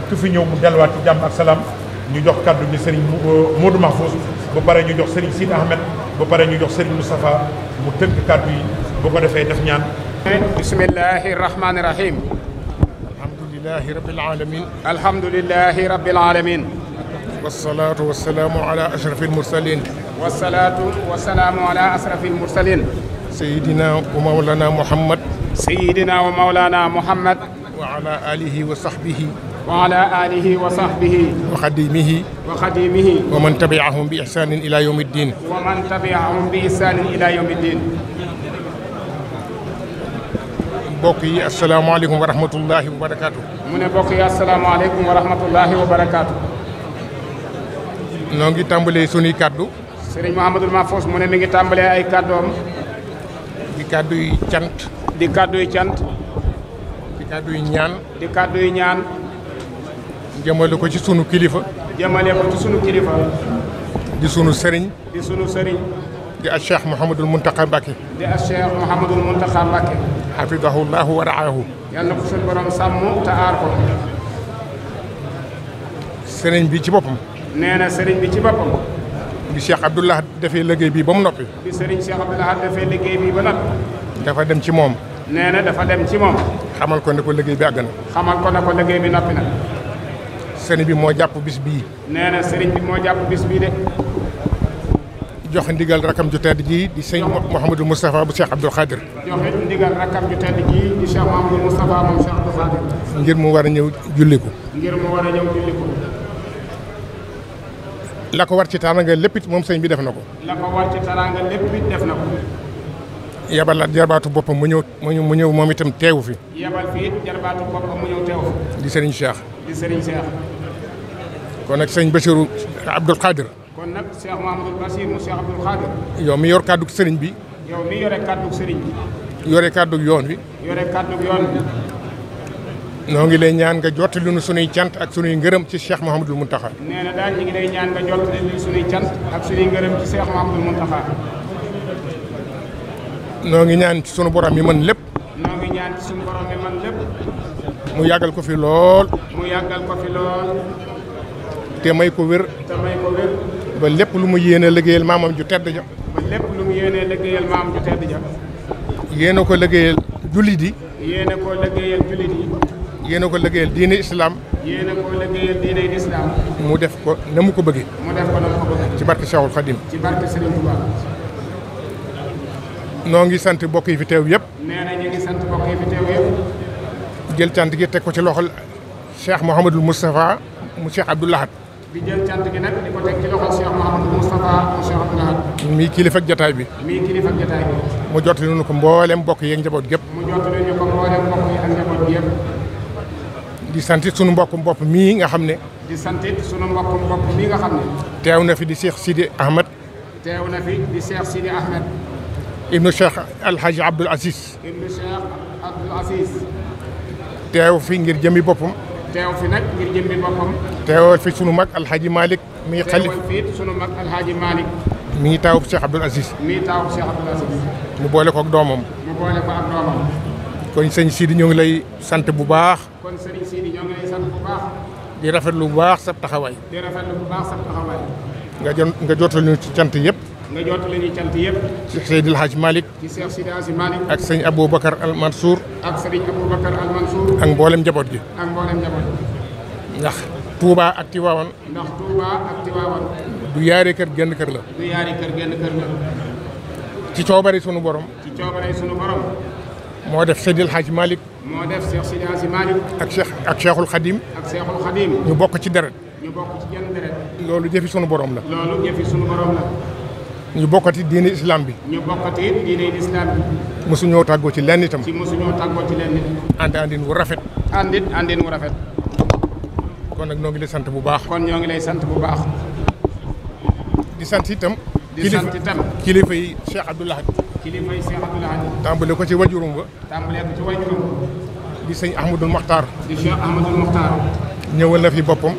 ku fi ñëw mu delluwaat jàmm ak salaam ñu jox kàddu bi Serigne euh, Modou Mahfouz ba pare ñu jox Serigne Sidi Ahmed ba pare ñu jox Serigne Moustapha mu tënk kaddu yi bu ko defee def ñaan bismillahi rahmaani rahim alhamdulilahi rabbil alamin alhamdulilahi rabbil alamin wasalaatu wasalaamu ala ashrafil mursalin wasalaatu wasalaamu ala ashrafil mursalin sayidina wa mawlana muhammad sayidina wa mawlana muhammad wa ala alihi wa sahbihi wa ala alihi wa sahbihi wa xadimihi wa xadimihi wa man tabiahum bi ihsanin ila yawmi ddin wa man tabiahum bi ihsanin ila yawmi ddin bokk yi asalaamaaleykum wa rahmatullahi wa barakaatu. mu ne bokk yi asalaamaaleykum wa rahmatullahi wa barakaatu. noo ngi tàmbalee sunuy kaddu. sëriñ Mouhamadul Mahfous mu ne ngi tàmbalee ay kaddoom. di kaddu yu cant. di kaddu yu di kaddu yu ñaan. di kaddu yu ñaan. jëmale ko ci sunu kilifa. jëmale ko ci sunu kilifa. di sunu sëriñ. di sunu sëriñ. di ak cheikh Mouhamadul Mountakha Mbacké. di ak cheikh Mouhamadul Mountakha wa raahu. yal ko suñu borom sàmm te aar bi ci boppam. nee na bi ci boppam. bi cheikh Abdoulaye dafay liggéey bii ba mu noppi. bi sëriñ cheikh Abdoulaye dafay liggéey bii ba noppi. ci moom. nee na dafa dem ci moom. xamal ko ne ko liggéey bi moo jàpp bis bii. nee na bi moo jàpp bis de. joxe ndigal rakam ju tedd ji di sëñ Mouhamadou Moustapha bu Cheikh Abdoul Khadir. joxe ngir mu war a ñëw julliku. ngir mu war ci tànnanga lépp moom sëñ bi def na ko. la war ci tànnanga lépp def na ko. yabal la jarbaatu boppam mu ñëw mu ñëw moom itam teewu fi. yabal fi it jarbaatu boppam mu ñëw teewu fi. di sëriñ Cheikh. kon nag sëñ Bassirou Abdoul Khadir. kon nag Cheikh Mahamadou Bassir mu Cheikh Abdoul Khadir. yow mi yor kàddu sëriñ bi. yow mi yore kàddu sëriñ bi. yore kàddu yoon wi. yore kàddu yoon wi. noo ngi lay ñaan nga jottali sunuy cant ak sunuy ngërëm ci Cheikh Mahamadou Mountakha. nee ngi ñaan ci noo ngi ñaan sunu borom mi mën lépp. noo ngi ñaan sunu borom mi mën lépp. mu yàggal ko fi lool. mu yàggal ko fi lool. te may ko wér. ba lépp lu mu yéene liggéeyal maamam ju tedd ja. ko liggéeyal jullit yi. ko liggéeyal jullit yi. ko liggéeyal diine islam. mu def ko na ko bëggee. mu def ko na ko bëggee. ci barke Cheikhul Khadim. ci barke Serigne ngi sant mbokk yi fi teew yëpp. nee ñu ngi sant mbokk fi teew yëpp. jël cant gi teg ko ci loxol Cheikh Mouhamadul Moustapha mu Cheikh Abdoul di jël cant gi nag di ko teg ci loxol Cheikh Mouhamadou Moustapha mu mii kilifa ak bi. mii kilifa mu jot lu ko mboolem mbokk yi njaboot gépp mu jot lu ko mboolem mbokk yi njaboot gépp di sant sunu mbokku bopp mii nga nga xam ne. teew na fi di Cheikh Sidi Ahmed. teew na fi di Cheikh Sidi Ahmed. ibnu Cheikh Al Hadj Abdoul teew fi ngir jëmi boppam. teew fi nag ngir jëmmi boppam. teewal fi sunu mag alxaaji Malick. mi ngi fi sunu mag alxaaji Malick. mi ngi taawub Cheikh Abdoul Aziz. mi ngi mu boole ko ak doomam. mu boole ko ak sëñ Sidi ñoo ngi lay sant bu baax. ngi lay sant bu baax. di rafetlu bu baax sab taxawaay. di bu baax sab taxawaay. nga jot nga ñu ci cant yëpp. nga jot li ñuy yëpp. ci Seydil Hadj Malick. ci Cheikh Sidaasi Malick. ak sëñ Aboubacar Al ak sëriñ njaboot gi. ak mboolem njaboot gi. ndax Touba ak Tiwaawan. du yaari kër genn kër la. ci coobare sunu borom. moo def Seydil Hadj Malick. moo def Cheikh Sidaasi Malick. ak Cheikh ak ñu bokk ci deret. ñu loolu jëfi sunu borom la. ñu bokkati diine islam bi. ñu bokkati diine islam bi. mosu ñoo tàggoo ci lenn itam. ci mosu ñoo tàggoo ci lenn. ànd àndin wu rafet. àndit àndin wu rafet. kon nag ñoo ngi lay sant bu baax. kon ñoo ngi lay sant bu baax. di sant itam. di sant itam kilifa yi Cheikh Abdoul Ahad. kilifa ko ci wajurum ba. tàmbale ko ci wajurum ba. di sëñ Ahmadul Mokhtar. di Cheikh Ahmadul Mokhtar. ñëwal na fi boppam.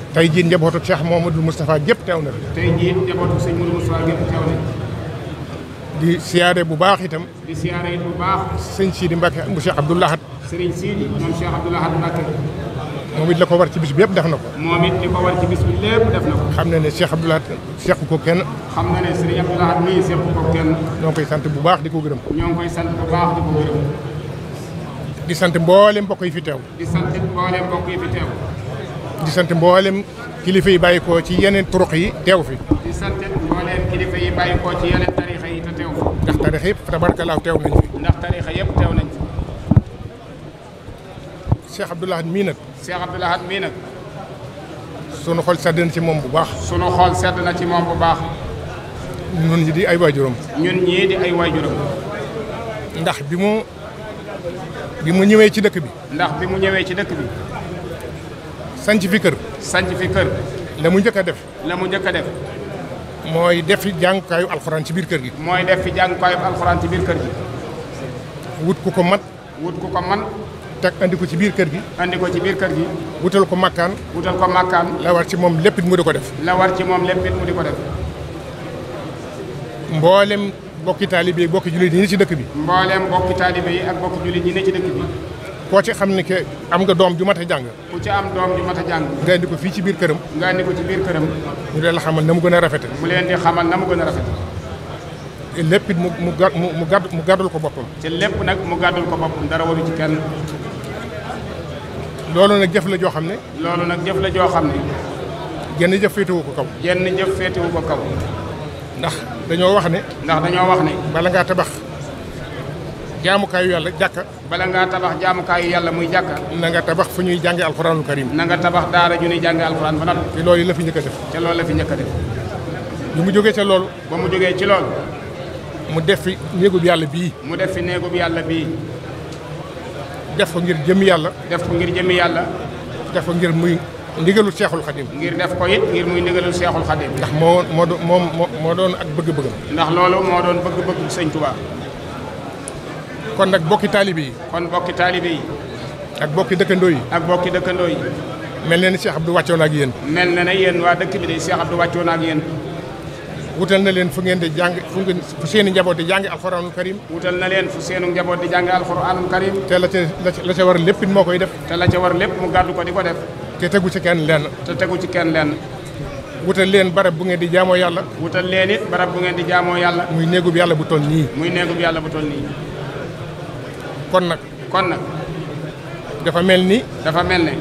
tey jii njabootu Cheikh Mouhamadou Moustapha gépp teew na fi. gépp teew na di siyaare bu baax itam. di siyaare bu baax. sëñ Sidi Mbacke mu Cheikh Abdou sëriñ Sidi moom Cheikh it la ko war ci bis bi yëpp def na ko. moom it li ko war ci bis bi lépp def na ko. xam na ne Cheikh Abdou Lahad seq ko kenn. xam na ne sëriñ Abdou Lahad mii seq ko kenn. ñoo koy sant bu baax di ko gërëm. ñoo ngi koy sant bu baax di ko di sant mboole mbokk yi fi teew. di mbokk yi fi teew. di sant mboolem kilifa yi bàyyikoo ci yeneen turux yi teew fi. di sant mboolem kilifa yi bàyyikoo ci yeneen tarixa yi te teew fi. ndax tarixa yëpp tabarkalaaw teew nañ fi. ndax tarixa yëpp teew nañ fi. Cheikh Abdoul mii nag. Cheikh Abdoul Ahad mii nag. sunu xol sedd na ci moom bu baax. sunu xol sedd na ci moom bu baax. ñun di ay waajuram. ñun ñii di ay waajuram. ndax bi mu bi mu ñëwee ci dëkk bi. ndax bi mu ñëwee ci dëkk bi. sanc fi kër. sanc fi kër. la mu njëkk a def. la mu njëkk a def. mooy def fi jàngukaayu alxuraan ci biir kër gi. mooy def fi jàngukaayu alxuraan ci biir kër gi. wut ko man wut ko man teg andi ko ci biir kër gi. andi ko ci biir kër gi. wutal ko makkaan. wutal ko makkaan. la war ci moom lépp it mu di ko def. la ci moom lépp it mu di ko def. mboolem bokki taalibe yi bokki jullit yi ci dëkk bi. mboolem bokki taalibe ak bokki jullit yi ci dëkk bi. koo ci xam ne que am nga doom ju mat a jàng. ku ci am doom ju mat a jàng. nga indi ko fii ci biir këram. nga indi ko ci biir këram. ñu leen la xamal na mu gën a rafete mu leen di xamal na mu gën a rafete lépp it mu mu mu gàdd mu gàddul ko boppam. te lépp nag mu gàddul ko boppam dara waru ci kenn. loolu nag jëf la joo xam ne. loolu nag jëf la joo xam ne. jenn jëf féetewu ko kaw. jenn jëf féetewu ko kaw. ndax dañoo wax ne. ndax dañoo wax ne. bala ngaa tabax. jaamukaayu yàlla jàkka bala ngaa tabax jaamukaayu yàlla muy jàkka na nga tabax fu ñuy jànge alxuraanul karim na nga tabax daara ju ni jànge alxuraan ba noppi te loolu la fi njëkk a def te loolu la fi njëkk bi mu jógee ca loolu ba mu jógee ci loolu mu def fi néegub yàlla bii mu def fi néegub yàlla bii def ko ngir jëm yàlla def ko ngir jëmmi yàlla def ko ngir muy ndigalul seexul xadim ngir def ko it ngir muy ndigalul seexul xadim ndax moo moo moo moo doon ak bëgg-bëggam ndax loolu moo doon bëgg-bëgg sëñ kon nag bokki taalibe yi. kon bokki taalibe yi. ak bokki dëkkandoo yi. ak bokki dëkkandoo yi. mel neen ni Cheikh Abdou wàccoon ak yéen. mel na ne yéen waa dëkk bi de Cheikh Abdou wàccoon ak yéen. wutal na leen fu ngeen di jàng fu ngeen fu njaboot di jàng alxuraanul karim. wutal na leen fu seenu njaboot di jàng alxuraanul karim. te la ca la ca war lépp it moo koy def. te la ca war lépp mu gàddu ko di ko def. te tegu ci kenn lenn. te tegu ci kenn len wutal leen barab bu ngeen di jaamoo yàlla. wutal leen it barab bu ngeen di jaamoo yàlla. muy néegub yàlla bu toll nii. muy néegub yàlla bu nii. kon nag. kon nag. dafa mel ni. dafa mel ni.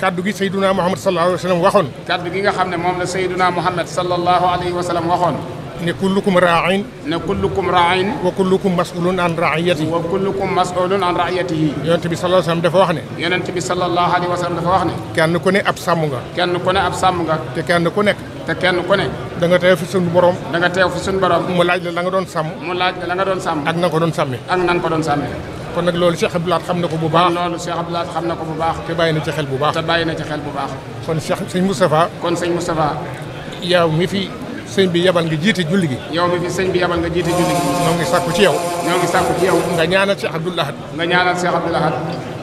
kaddu gi Seydouna Muhammad sallallahu alayhi wa sallam waxoon. kaddu gi nga xam ne moom la Seydouna Muhammad sallallahu alayhi wa sallam waxoon. ne kullukum raain ne kullukum raain wa kullukum masulun an raiyati wa kullukum masulun an raiyatihi yonent bi dafa wax ne yonent dafa wax ne kenn ku ne ab sàmm nga kenn ku ne ab sàmm nga te kenn ku nekk te kenn ku nekk da nga teew fi suñu borom da nga teew fi suñu borom mu laaj la la nga doon sàmm mu laaj la la nga doon sàmm ak na ko doon sàmmi ak kon loolu Cheikh Abdoulaye xam na ko bu baax te bàyyi na ci bu baax kon Cheikh sëñ Moustapha sëñ bi yebal nga jiite julli gi yow mi fi sëñ bi yebal nga jiite julli gi ñoo ngi sàkku ci yow ñoo ngi sàkku ci yow nga ñaanal Cheikh Abdou Lahad nga ñaanal Cheikh Abdou Lahad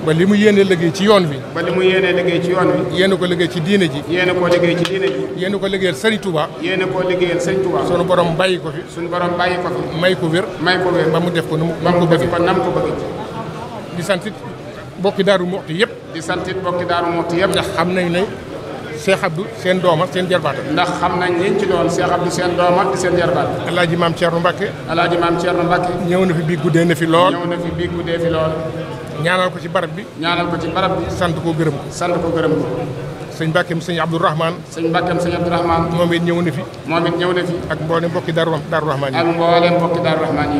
ba li mu yéene liggéey ci yoon bi ba li mu yéene liggéey ci yoon bi yéene ko liggéey ci diine ji yéene koo liggéey ci diine ji yéene ko liggéeyal Sëriñ Touba yéene koo liggéeyal Sëriñ Touba sunu borom bàyyi ko fi sunu borom bàyyi ko fi may ko wér may ko wér ba mu def ko nam ko bëgg ko nam ko bëgg di santit bokki daaru moxti yëpp di santit bokki daaru moxti yëpp ndax xam nañ ne Cheikh Abdou seen dooma seen jarbaata ndax xam nañ liñ ci doon Cheikh Abdou seen dooma di seen jarbaata alaaji maam Thierno Mbacke alaaji maam Thierno Mbacke ñëw na fi bii guddee na fi ñëw na fi bii guddee fi lool ñaanal ko ci barab bi ñaanal ko ci barab bi sant ko gërëm ko sant ko gërëm ko sëñ Mbàkkeem sëñ Abdourahman sëñ Mbàkkeem sëñ Abdourahman moom it ñëw na fi moom it ñëw na fi ak mboolem mbokki Daaru yi ak mboolem mbokki Daaru yi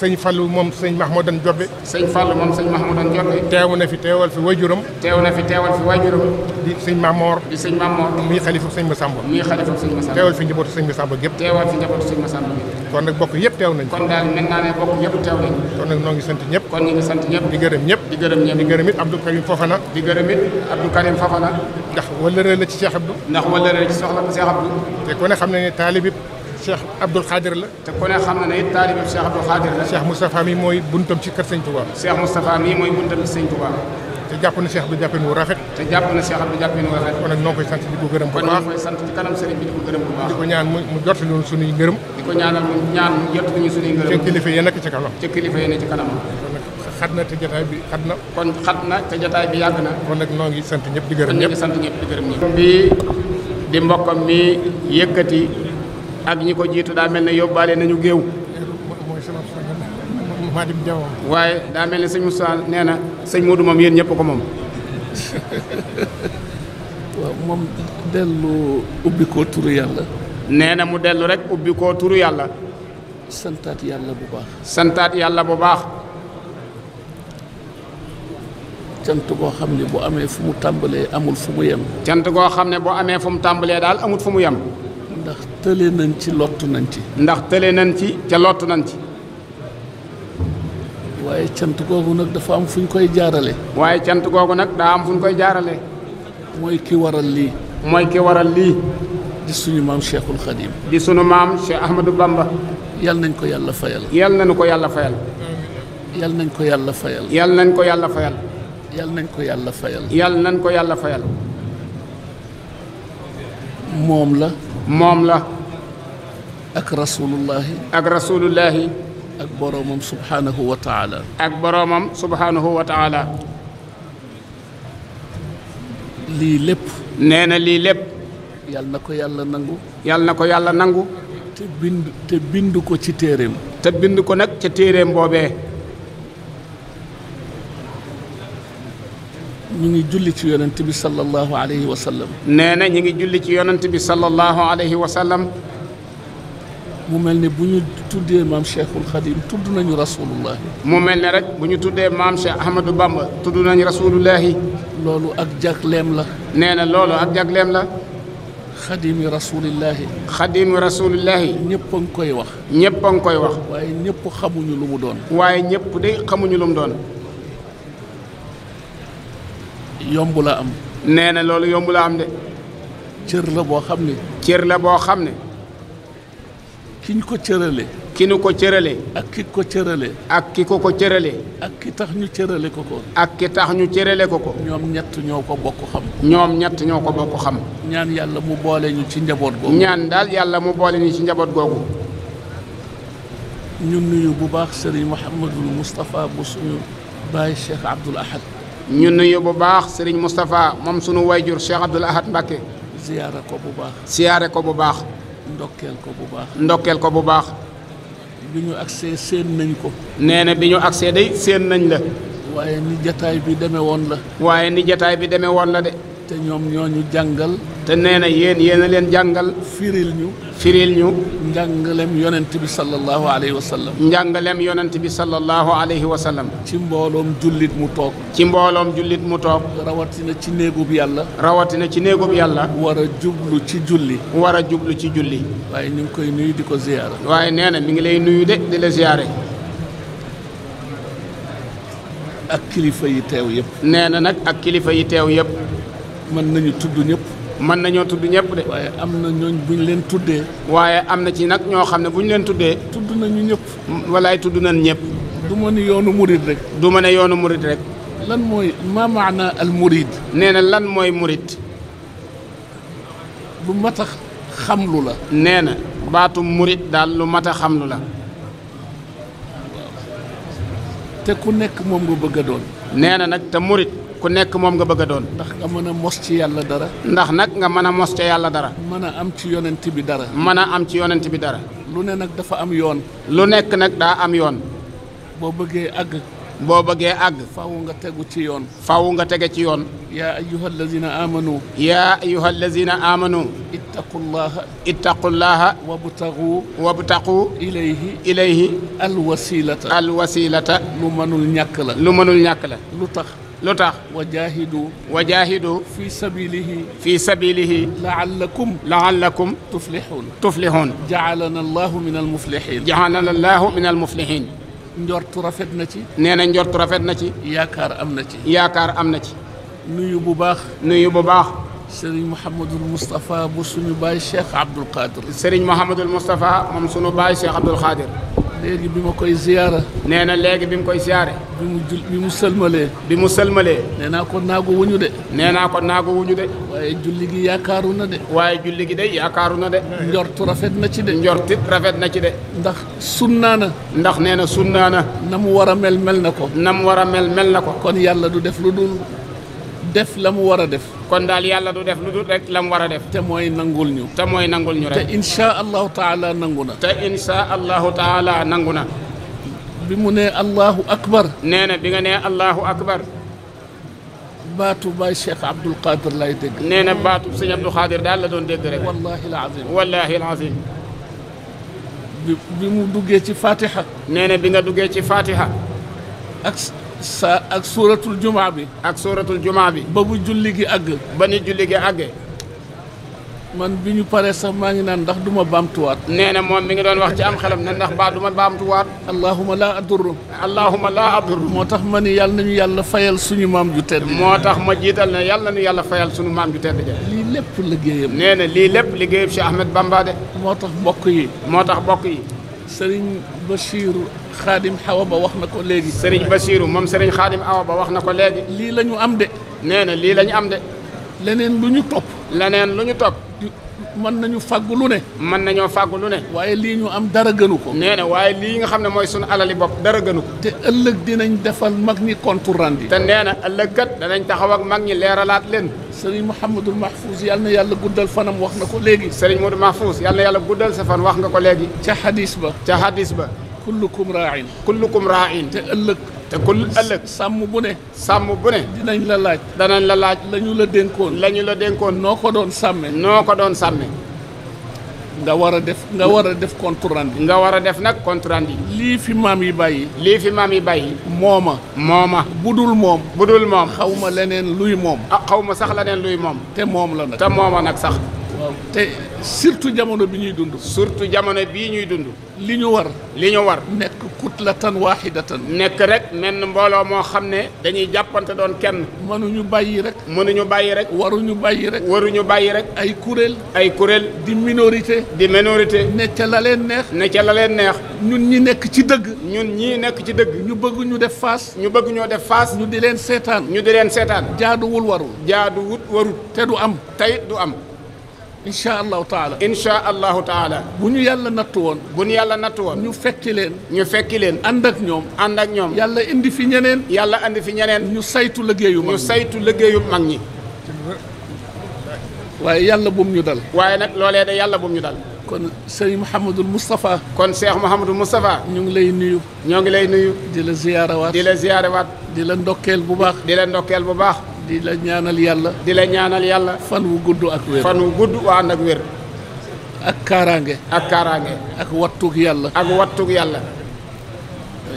sëñ Fallou moom sëñ Mahmoudan Jobbe. sëñ Fallou moom sëñ Mahmoudan Jobbe. teew na fi teewal fi waajuram. teew na fi teewal fi waajuram. di sëñ Mamor. di sëñ Mamor. muy xalifa sëñ Massamba. muy xalifa sëñ Massamba. teewal fi njabootu sëñ Massamba gépp. teewal fi njabootu sëñ Massamba gépp. kon nag bokk yëpp teew nañ kon daal mën naa ne bokk yëpp teew nañ kon nag noo ngi sant ñëpp. kon ñu ngi sant ñëpp. di gërëm ñëpp. di gërëm ñëpp di gërëm it Abdou Karim Fofana. di gërëm it Abdou Karim Fofana. ndax wëllëre la ci Cheikh Abdou. ndax wëllëre la ci soxla Cheikh Abdou. te ku ne xam ne taalibe bi Cheikh Abdoul Khadir la. te ku ne xam na ne it taalibe Cheikh Abdoul Khadir la. Cheikh Moustapha mi mooy buntam ci kër Sëñ Touba. Cheikh Moustapha mi mooy buntam ci Sëñ Touba. te jàpp na Cheikh bi jàppin wu rafet. te jàpp na Cheikh bi jàppin wu rafet. kon nag ñoo koy sant di ko gërëm bu baax kon ñoo koy sant ci kanam sëriñ bi di ko gërëm bu baax. di ko ñaan mu mu jot loolu suñuy ngërëm. di ko ñaanal mu ñaan mu jot ñu suñuy ngërëm. ci kilifa yi nekk ci kanam. ci kilifa yi nekk ci kanam. xat na te jotaay bi xat na. kon xat na te jotaay bi yàgg na. kon nag noo ngi sant ñëpp di gërëm ñëpp kon ngi sant ñëpp di gërëm ñëpp. bi di mbokkam mi yëkkati ak ñi ko jiitu daa mel ne yóbbaale nañu géew waaye daa mel ne sëñ Moussa nee na sëñ Modou moom yéen ñëpp ko moom waaw moom dellu ubbi koo turu yàlla nee na mu dellu rek ubbi koo turu yàlla santaat yàlla bu baax santaat yàlla bu baax cant koo xam ni bu amee fu mu tàmbalee amul fu mu yem cant koo xam ne bu amee fu mu tàmbalee daal amul fu mu yem ndax tële nañ ci lottu nañ ci. ndax tële nañ ci ca lottu nañ ci. waaye cant googu nag dafa am fu ñu koy jaarale. waaye cant googu nag daa am fu ñu koy jaarale. mooy ki waral lii. mooy ki waral lii. di suñu maam Cheikhul Khadim. di suñu maam Cheikh Ahmadou Bamba. nañ ko yàlla fayal. yal nañ ko yàlla fayal. yal nañ ko yàlla fayal. yal nañ ko yàlla fayal. yal nañ ko yàlla fayal. yal nañ ko yàlla fayal. moom la. moom la ak rasulullahi ak rasulullahi ak boroomam subhaanahu wa taala ak boroomam subhaanahu wa taala lii lépp nee na lii lépp yal na ko yàlla nangu yal na ko yàlla nangu te bind te bind ko ci téeréem te bind ko nag ca téeréem boobee ñu ngi julli ci yonent bi sallallahu alayhi wa sallam. nee na ñu ngi julli ci yonent bi sallallahu alayhi wa sallam. mu mel ni bu ñu tuddee maam Cheikhul Khadim tudd nañu rasulullah. mu mel ni rek bu ñu tuddee maam Cheikh Ahmadou Bamba tudd nañu rasulullah. loolu ak jagleem la. nee na loolu ak jagleem la. xadimi rasulillahi. xadimi rasulillahi. ñëpp a ngi koy wax. ñëpp a ngi koy wax. waaye ñëpp xamuñu lu mu doon. waaye ñëpp de xamuñu lu mu doon. yomb la am. nee na loolu yomb la am de. cër la boo xam ne. cër la boo xam ne. ki ñu ko cëralee. ki nu ko cëralee. ak ki ko cëralee. ak ki ko ko cëralee. ak ki tax ñu cërale ko ko. ak ki ñu cërale ko ko. ñoom ñett ñoo ko bokk xam. ñaan yàlla mu boole ñu ci njaboot googu. ñaan daal yàlla mu boole ñu ci njaboot googu. ñu nuyu bu baax sëriñ Mouhamadul Moustapha bu suñu baay Cheikh Abdoul Ahad. ñun nuyu bu baax Serigne Moustapha moom sunu wayjur Cheikh Abdoul Ahad Mbacké. siyaare ko bu baax. siyaare ko bu baax. ndokkeel ko bu baax. ndokkeel ko bu baax. bi ñu agsee seen nañ ko. nee na bi ñu agsee day seen nañ la. waaye ni jataay bi demee woon la. waaye ni jataay bi demee woon la de. te ñoom ñoo ñu jàngal. te nee na yéen yéen leen jàngal. firil ñu. firil ñu. njàngalem yonent bi sallallahu alayhi wa njàngalem yonent bi sallallahu alayhi wa sallam. ci mbooloom jullit mu toog. ci mbooloom jullit mu toog. rawatina ci néegub yàlla. rawatina ci néegub yàlla. war a jublu ci julli. war a jublu ci julli. waaye ñu ngi koy nuyu di ko ziyaara. waaye nee na mu ngi lay nuyu de di la ziyaare. ak kilifa yi teew yëpp. nee na nag ak kilifa yi teew yëpp. mën nañu tudd ñëpp. mën nañoo tudd ñëpp de. waaye am na ñooñ bu ñu leen tuddee. waaye am na ci nag ñoo xam ne bu ñu leen tuddee. tudd nañu ñëpp. walaay tudd nañ ñépp du ma ne yoonu murit rek. du ma ne yoonu murit rek. lan mooy ma al murit nee na lan mooy murid. lu mat a xamlu la. nee na baatu murit daal lu mat a xamlu la. te ku nekk moom nga bëgg a doon. nee na nag te murid. bu nekk moom nga bëgg a doon. ndax nga mën a mos ci yàlla dara. ndax nag nga mën a mos ca yàlla dara. mën a am ci yonent bi dara. mën a am ci yonent bi dara. lu ne nag dafa am yoon. lu nekk nag daa am yoon. boo bëggee àgg. boo bëggee àgg. faw nga tegu ci yoon. faw nga tege ci yoon. yaa ayyuha allazina amanu. yaa ayyuha allazina amanu. ittaqullaha. ittaqullaha. wabtaqu. wabtaqu. ilayhi. ilayhi. alwasilata. alwasilata. lu mënul ñàkk la. lu mënul ñàkk la. lu tax. lu tax wajaahidu wajaahidu fi sabilihi fi sabilihi laallakum laallakum tuflihun tuflihun jaalana allahu min almuflihin jaalana allahu min almuflihin njortu rafet na ci nee na njortu rafet na ci yaakaar am na ci yaakaar am na ci nuyu bu baax nuyu bu baax sëriñ Mouhamadul Moustapha bu suñu baay Cheikh Abdoul Khadir sëriñ Mouhamadul Moustapha moom suñu baay Cheikh Abdoul Khadir léegi bi ma koy ziyaara. nee na léegi bi mu koy ziyaare. bi mu jul bi mu sëlmalee. bi mu sëlmalee. nee naa ko naagu wuñu de. nee naa ko naagu wuñu de. waaye julli gi yaakaaru na de. waaye julli gi de yaakaaru na de. njortu rafet na ci de. njortit rafet na ci de. ndax sunnaa na. ndax nee na sunnaa na. na mu war a mel mel na ko. na mu war a mel mel na ko. kon yàlla du def lu dul. def la mu war a def. kon daal yàlla du def lu dul rek la mu war a def. te mooy nangul ñu. te mooy nangul ñu rek. te incha allahu taala nangu na. te incha allahu taala nangu na. bi mu ne Allahu akbar. nee na bi nga nee Allahu akbar. baatu baay Cheikh Abdoul Khadir lay dégg. nee na baatu sëñ Abdoul Khadir daal la doon dégg rek. mu duggee ci Fatiha. nee bi nga duggee ci Fatiha. sa ak suuratul jumaa bi. ak suuratul jumaa bi. ba bu julli gi àgg. ba ni julli gi àggee. man bi ñu paree sax maa ngi naan ndax du ma baamtuwaat. nee na moom mi nga doon wax ci am xelam na ndax baa du ma baamtuwaat. allahuma laa adurru. allahuma laa adurru. moo tax ma ni yàlla nañu yàlla fayal suñu maam ju tedd. moo tax ma jiital na yàlla nañu yàlla fayal suñu maam ju tedd. lii lépp liggéeyam. nee na lii lépp liggéeyam si Ahmed Bamba de. moo tax mbokk yi. moo tax mbokk yi. xaadim Awa Ba wax na ko léegi. Serigne Bassirou moom Serigne xaadim Awa Ba wax na ko léegi. lii lañu am de. nee na lii la am de. leneen lu ñu topp. leneen lu ñu topp. mën nañu fàggu lu ne. mën nañoo fàggu lu ne. waaye lii ñu am dara gënu ko. nee na waaye lii nga xam ne mooy sunu alali bopp dara gënu ko. te ëllëg dinañ defal mag ñi compte rendu. te nee na ëllëg kat danañ taxaw ak mag ñi leeralaat leen. Serigne Mouhamadul Mahfouz yal na yàlla guddal fanam wax na ko léegi. Serigne Modou Mahfouz yal na yàlla guddal sa fan wax nga ko léegi. ca ba ca hadis ba. kullukum raain kullukum raain te ëllëg te kul ëllëg sàmm bu ne sàmm bu ne dinañ la laaj danañ la laaj la ñu la dénkoon lañu la dénkoon noo ko doon sàmme noo ko doon sàmme nga war a def nga war a def compte rendu nga war a def nag compte rendu lii fi maam yi bàyyi lii fi maam yi bàyyi mooma mooma bu dul moom bu dul moom xaw ma leneen luy moom a ah, xaw ma sax leneen luy moom te moom la nag te mooma nag sax te surtout jamono bi ñuy dund. surtout jamono bii ñuy dund. li ñu war. li ñu war nekk la kutlatan waahidatan nekk rek menn mbooloo moo xam ne. dañuy jàppante doon kenn. mënuñu bàyyi rek. mënuñu bàyyi rek. waruñu bàyyi rek. waruñu bàyyi rek. ay kuréel. ay kuréel. di minorité. di minorité. ne la leen neex. ne la leen neex. ñun ñi nekk ci dëgg. ñun ñii nekk ci dëgg. ñu bëgg ñu def face. ñu bëgg ñoo def face. ñu di leen seetaan. ñu di leen seetaan. jaaduwul waru jaaduwut warul. te du am. tey du am. incha allahu taala. incha allahu taala. bu ñu yàlla nattu woon. bu ñu yàlla nattu woon. ñu fekki leen. ñu fekki leen. ànd ak ñoom. ànd ak ñoom. yàlla indi fi ñeneen. yàlla indi fi ñeneen. ñu saytu liggéeyu mag ñi saytu liggéeyu mag ñi. waaye yàlla bum ñu dal. waaye nag loolee de yàlla bum ñu dal. kon sëñ Mouhamadul Moustapha. kon Cheikh Mouhamadul Moustapha. ñu ngi lay nuyu. ñoo ngi lay nuyu. di la ziyaarawaat di la ziyaarawaat. di la ndokkeel bu baax. di la ndokkeel bu baax. di la ñaanal yàlla. di la ñaanal yàlla. fan wu gudd ak wér. fan wu gudd waa ànd ak wér. ak kaaraange. ak kaaraange. ak wattug yàlla. ak wattug yàlla.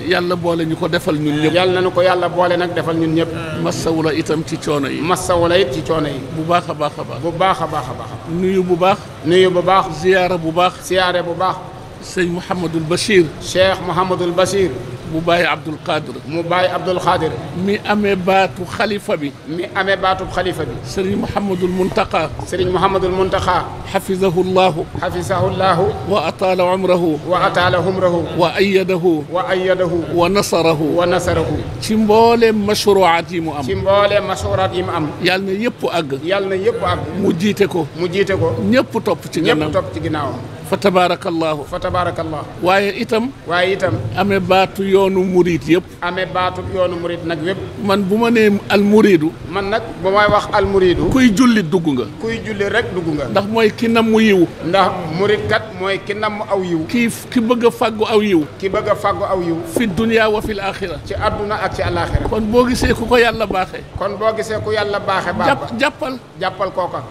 yàlla boole ñu ko defal ñun ñëpp. yàlla na ñu ko yàlla boole nag defal ñun ñëpp. masawu la itam ci coono yi. masawu la it ci coono yi. bu baax a baax baax. bu baax a baax a baax. nuyu bu baax. nuyu bu baax. ziyaara bu baax. ziyaare bu baax. sëñ Mouhamadul Bachir. Cheikh Mouhamadul Bachir. mu bàyyi Abdul Qadir. mu bàyyi Abdul Qadir. mi amee baatu xalifa bi. mi amee baatu xalifa bi. Serigne Mouhamadul Muntaqa. Serigne Mouhamadul Muntaqa. xafizahu llahu. xafizahu llahu. wa ataala umrahu. wa ataala umrahu. wa ayyadahu. wa ayyadahu. wa nasarahu. wa nasarahu. ci mbooleem mashruucaat yi mu am. ci mbooleem mashruucaat yi mu am. yal na yëpp àgg. yal na yëpp àgg. mu jiite ko. mu jiite ko. ñëpp topp ci. ñëpp topp ci ginnaawam. fa tabaarakallaahu fa tabaarakallaahu waaye itam waaye itam amee baatu yoonu murit yëpp amee baatu yoonu murit nag yëpp man bu ma nee al muridu man nag bu may wax al muridu kuy julli dugg nga kuy julli rek dugg nga ndax mooy ki nam yiw ndax murit kat mooy ki nam mu aw yiw kii ki bëgg a fàggu aw yiw ki bëgg a fàggu aw yiw fi dunya wa fil axira ci adduna ak ci alaxira kon boo gisee ku ko yàlla baaxee kon boo gisee ku yàlla baaxee baax jàppal jàppal kooka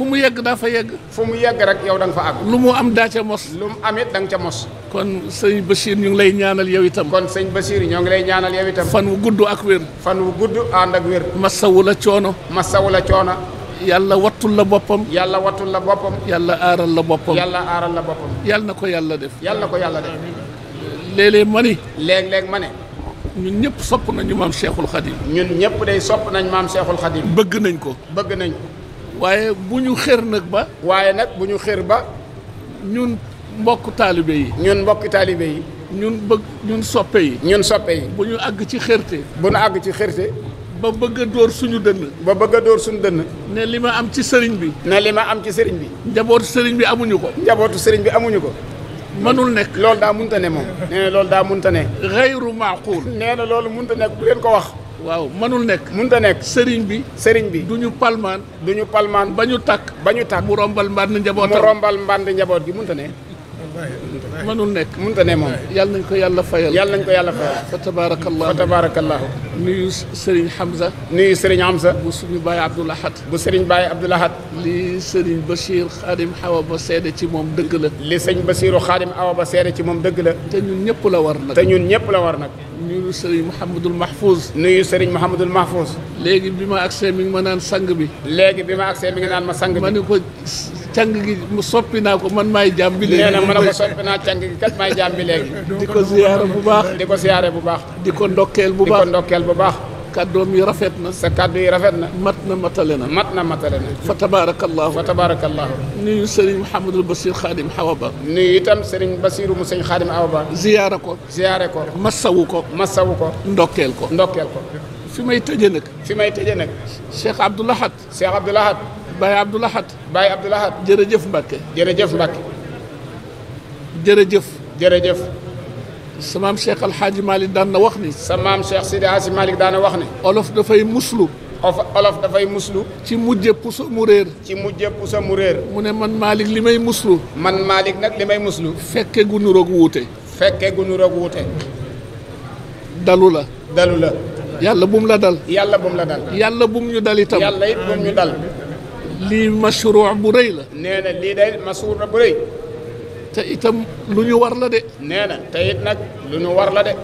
fu mu yegg daa fa yegg fu mu yegg rek yow da nga fa àgg lu mu am daa ca mos lu mu amit da nga ca mos kon sëñ Bachir ñu ngi lay ñaanal yow itam kon sëñ Bachir ñoo ngi lay ñaanal yow itam fan wu gudd ak wér fan wu gudd ànd ak wér masawu la coono masawu la coono yàlla wattul la boppam yàlla wattul la boppam yàlla aaral la boppam yàlla aaral la boppam yàlla na ko yàlla def yàlla ko yàlla def léeg-léeg ma ni léeg-léeg ma ne ñun ñëpp sopp nañu maam Cheikhul Khadim ñun ñëpp day sopp nañ maam Cheikhul Khadim bëgg nañ ko bëgg nañ waaye bu ñu xër nag ba. waaye nag bu ñu xër ba. ñun mbokk taalibe yi. ñun mbokk taalibe ñun bëgg ñun soppe yi. ñun soppe yi. bu ñu àgg ci xërte. bu nu àgg ci xërte. ba bëgg dóor suñu dënn. ba bëgg a dóor suñu dënn. ne li ma am ci sëriñ bi. ne li ma am ci sëriñ bi. njabootu sëriñ bi amuñu ko. njabootu sëriñ bi amuñu ko. mënul nekk. loolu daa munta ne moom. nee loolu daa munta ne. xayru maaquul. nee na loolu munta nekk bu leen ko wax. waaw mënul nekk. mënut a nekk sëriñ bi. sëriñ bi du ñu palmaan. du ñu palmaan ba ñu tàkk. ba ñu tàkk mu rombal mbànd njaboot. mu rombal mbànd njaboot gi mënut a ne. mënul nekk mënta ne moom yàlla nañ ko yàlla fayal yàlla nañ ko yàlla fayal fa tabaarakallah fa tabaarakallah nuyu Serigne Hamza nuyu Serigne Hamza bu suñu Baye Abdoul Ahad bu Serigne Baye Abdoul Ahad li Serigne Bachir Khadim Awa Ba seede ci moom dëgg la li sëñ Basiru Khadim Awa Ba seede ci moom dëgg la te ñun ñëpp la war nag te ñun ñëpp la war nag nuyu Serigne Mouhamadul Mahfouz nuyu Serigne Mouhamadul Mahfouz léegi bi ma agsee mi ngi ma naan sang bi léegi bi ma agsee mi ngi naan ma sang bi ma ni ko càng gi mu soppi naa ko man maay jaam bi léegi. nee ma ne léegi. di ko ziyaare bu baax. di ko ziyaare bu baax. di ko ndokkeel bu baax di ko baax. kàddoom yi rafet na. sa kàddu yi rafet na. mat na matale na. mat na matale fa tabaarakallaahu fa tabaarakallaahu. nuyu Serigne Mouhamadul Bassir Khadim Awa Ba. nuyu itam Serigne Bassirou mu Serigne Khadim Awa Ba. ziyaare ko. ziyaare ko. masawu ko. masawu ko. ndokkeel ko. ndokkeel ko. fi may tëjee nag. fi may tëjee nag. Cheikh Abdoul Ahad. Baye Abdou Lahad. Baye Abdou Lahad. jërëjëf Mbacke. jërëjëf Mbacke. jërëjëf. jërëjëf. sa maam Cheikh Al wax ni. sa maam Cheikh Sidi Hadj Malick daan na wax ni. olof dafay muslu. olof dafay muslu. ci mujje puso mu réer. ci mujje puso mu mu ne man Malick li may muslu. man Malick nag li may muslu. fekke gu nuroog wuute. fekke gu nuroog wuute. dalu la. dalu la. yàlla bum la dal. yàlla bum la dal. yàlla bum ñu dal itam. yàlla it bum ñu dal. lii mashruuc bu rëy la. nee na lii day mashruuc bu rëy. te itam lu ñu war la de. nee na te it nag lu ñu war la de.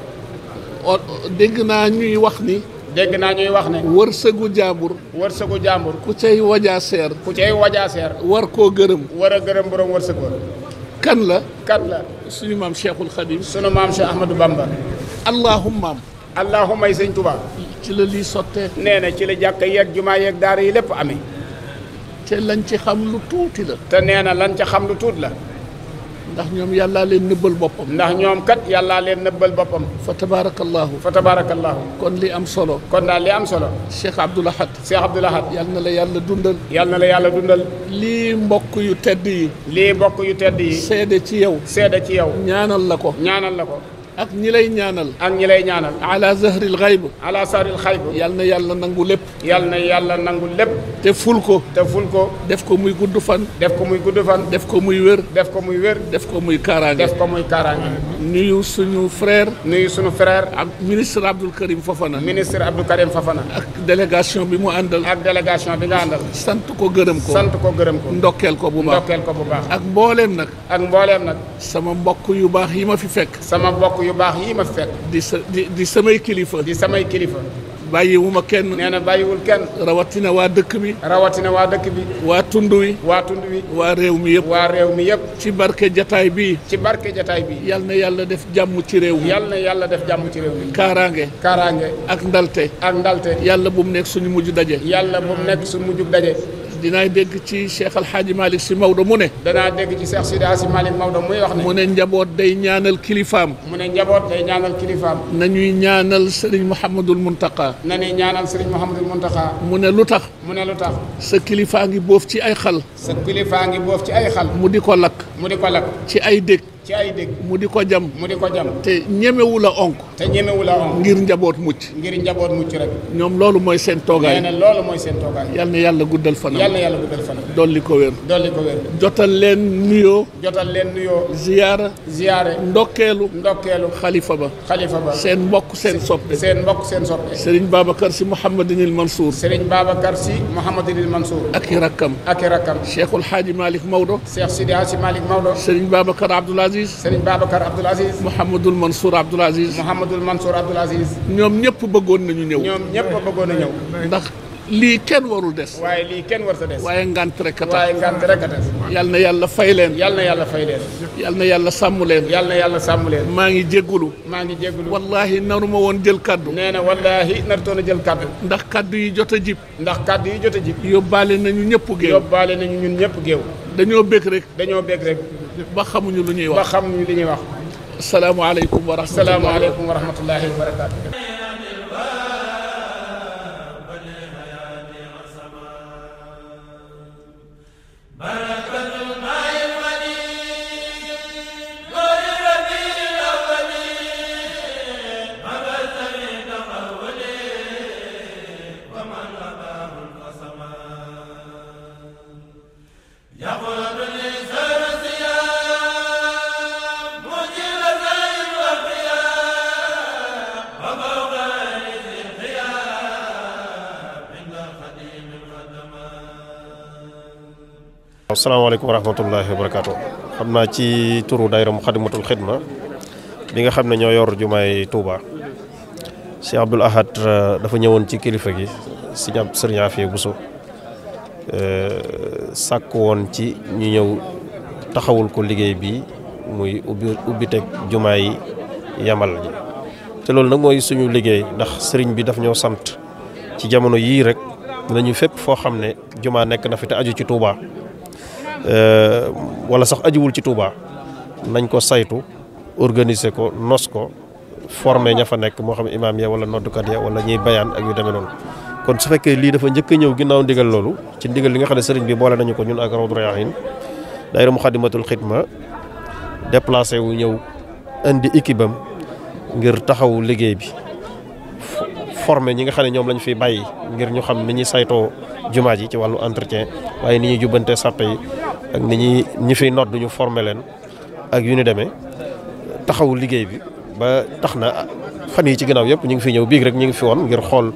dégg naa ñuy wax ni. dégg naa ñuy wax ne. wërsëgu jaambur. wërsëgu jaambur. ku cay wajaa seer. ku cay wajaa seer. war koo gërëm. war a gërëm borom wërsëg wa. kan la. kan la. suñu maam Cheikhul Khadim. sunu maam Cheikh Ahmadou Bamba. allahummaam. allahumma yi sëñ Tuubaa. ci la lii sottee. nee na ci la jàkka yeeg jumaa yeeg daara yi lépp amee. te lañ ci xam lu tuuti la. te nee na lañ ca xam lu tuuti la. ndax ñoom yàllaa leen nëbbal boppam. ndax ñoom kat yàllaa leen nëbbal boppam. fa tabaarakallaahu. fa tabaarakallaahu. kon li am solo. kon daal li am solo. Cheikh Abdoul Ahad. Cheikh Abdoul Ahad. yal na la yàlla dundal. yal na la yàlla dundal. lii mbokk yu tedd yi. lii mbokk yu tedd yi. seede ci yow. seede ci yow. ñaanal la ko. ñaanal la ko. ak ñi lay ñaanal ak ñi lay ñaanal ala zahril xayb ala zahril xayb yal na yàlla nangu lépp yal na yàlla nangu lépp te ful ko te ful ko def ko muy gudd fan def ko muy gudd fan def ko muy wér def ko muy wér def ko muy kaaraange def ko muy kaaraange nuyu suñu frère nuyu suñu frère ak ministre Abdoul Karim Fofana ministre Abdoul Karim Fofana ak délégation bi mu àndal ak délégation bi nga àndal sant ko gërëm ko sant ko gërëm ko ndokkeel ko bu baax ndokkeel ko bu baax ak mbooleem nag ak mbooleem nag sama mbokk yu baax yi ma fi fekk yu baax yii ma fekk. di sa di samay kilifa. di samay kilifa. ma kenn. nee na bàyyiwul kenn. rawatina waa dëkk bi. rawatina waa dëkk bi. waa tund wi. waa tund réew mi yëpp. waa réew mi yëpp. ci barke jataay bii. ci barke jataay bii. yal na yàlla def jàmm ci réew mi. na yàlla def jàmm ci réew mi. kaaraange. kaaraange. ak ndalte. ak ndalte. yàlla bu mu nekk suñu mujj daje. yàlla bu mu nekk suñu mujj daje. dinaay dégg ci Cheikh Al Hadj Malick si Maodo mu ne. danaa dégg ci Cheikh Sida si Malick Maodo muy wax ne. mu ne njaboot day ñaanal kilifaam. mu ne njaboot day ñaanal kilifaam. nañuy ñaanal Serigne Mouhamadul Mountakha. na ñuy ñaanal Serigne Mouhamadul Mountakha. mu ne lu tax. mu ne lu tax. sa kilifaa ngi boof ci ay xal. sa kilifaa ngi boof ci ay xal. mu di ko lakk. mu di ko lakk. ci ay dégg. ci mu di ko jam ko jam te ñemewu la onk te ñemewu ngir njaboot mucc ngir njaboot mucc rek ñoom loolu mooy seen toogaay nee na mooy seen toogaay yal na yàlla guddal fanam yal na yàlla guddal fanam dolli ko wér dolli ko wér jotal leen nuyoo jotal leen nuyoo ziyaara ziyaare ndokkeelu ndokkeelu xalifa ba xalifa seen mbokk seen soppe seen mbokk seen soppe Serigne Babacar Sy Mouhamadinil Mansour Serigne Babacar Sy Mouhamadinil Mansour ak i rakkam ak i rakkam Cheikhul Hadji Malick Maodo Cheikh Sidi Hadji Malick Aziz. Serigne Babacar Abdoul Aziz. Mouhamadul Mansour Abdoul ñoom ñëpp bëggoon nañu ñëw. na ñëw. ndax lii kenn warul des. waaye lii kenn war sa des. waaye ngant rek a tax waaye ngant a des. yal na yàlla fay leen. yal na yàlla fay leen. yal na sàmm leen. maa ngi jéggulu. maa ngi jéggulu. wallaahi naru ma woon jël kaddu. nee na wallaahi narutoon a jël kaddu. ndax kaddu yi jot a jib. ndax kaddu yi a jib. yóbbaale nañu ñëpp géew. yóbbaale nañu ñun ñëpp géew. dañoo bëgg rek. dañoo bëgg rek. ba xamuñu lu ñuy wax ba xamuñu li ñuy wax. salaamualeykum wa rahmatulah. salaamualeykum wa rahmatullahi wa barakaatu. asalaamaaleykum wa rahmatullahi wa barakaatu xam naa ci turu daayira Muxaddamatul Xidma bi nga xam ne ñoo yor jumaay Touba Cheikh Abdoul Ahad euh, dafa ñëwoon ci kilifa gi sëñ ab sëriñ Afia Bousso euh, sàkk woon ci ñu ñëw taxawul ko liggéey bi muy ubbi ubbi teg jumaay yamal ji te loolu nag mooy suñu liggéey ndax sëriñ bi daf ñoo sant ci jamono yii rek nañu fépp foo xam ne jumaa nekk na fi te aju ci tuuba Euh, walla sax ajiwul ci Touba nañ ko saytu organiser ko nos ko forme ña fa nekk moo xam imaam ya wala noddukat ya wala ñuy bayaan ak yu demee noonu kon su fekkee lii dafa njëkk a ñëw ginnaaw ndigal loolu ci ndigal li nga xam ne sëriñ bi boole nañu ko ñun ak Rawdu Rayaahiin daayira Muxaddamatul Xidma déplacé wu ñëw indi équipe ngir taxawu liggéey bi formé ñi nga xam ne ñoom lañ fi bàyyi ngir ñu xam ni ñuy saytoo jumaa ji ci wàllu entretien waaye ni ñuy jubbante sàppe ak ni ñi ñi fiy nodd ñu former leen ak yu ñu demee taxawu liggéey bi ba tax na fan yi ci gannaaw yëpp ñu ngi fi ñëw biig rek ñu ngi fi woon ngir xool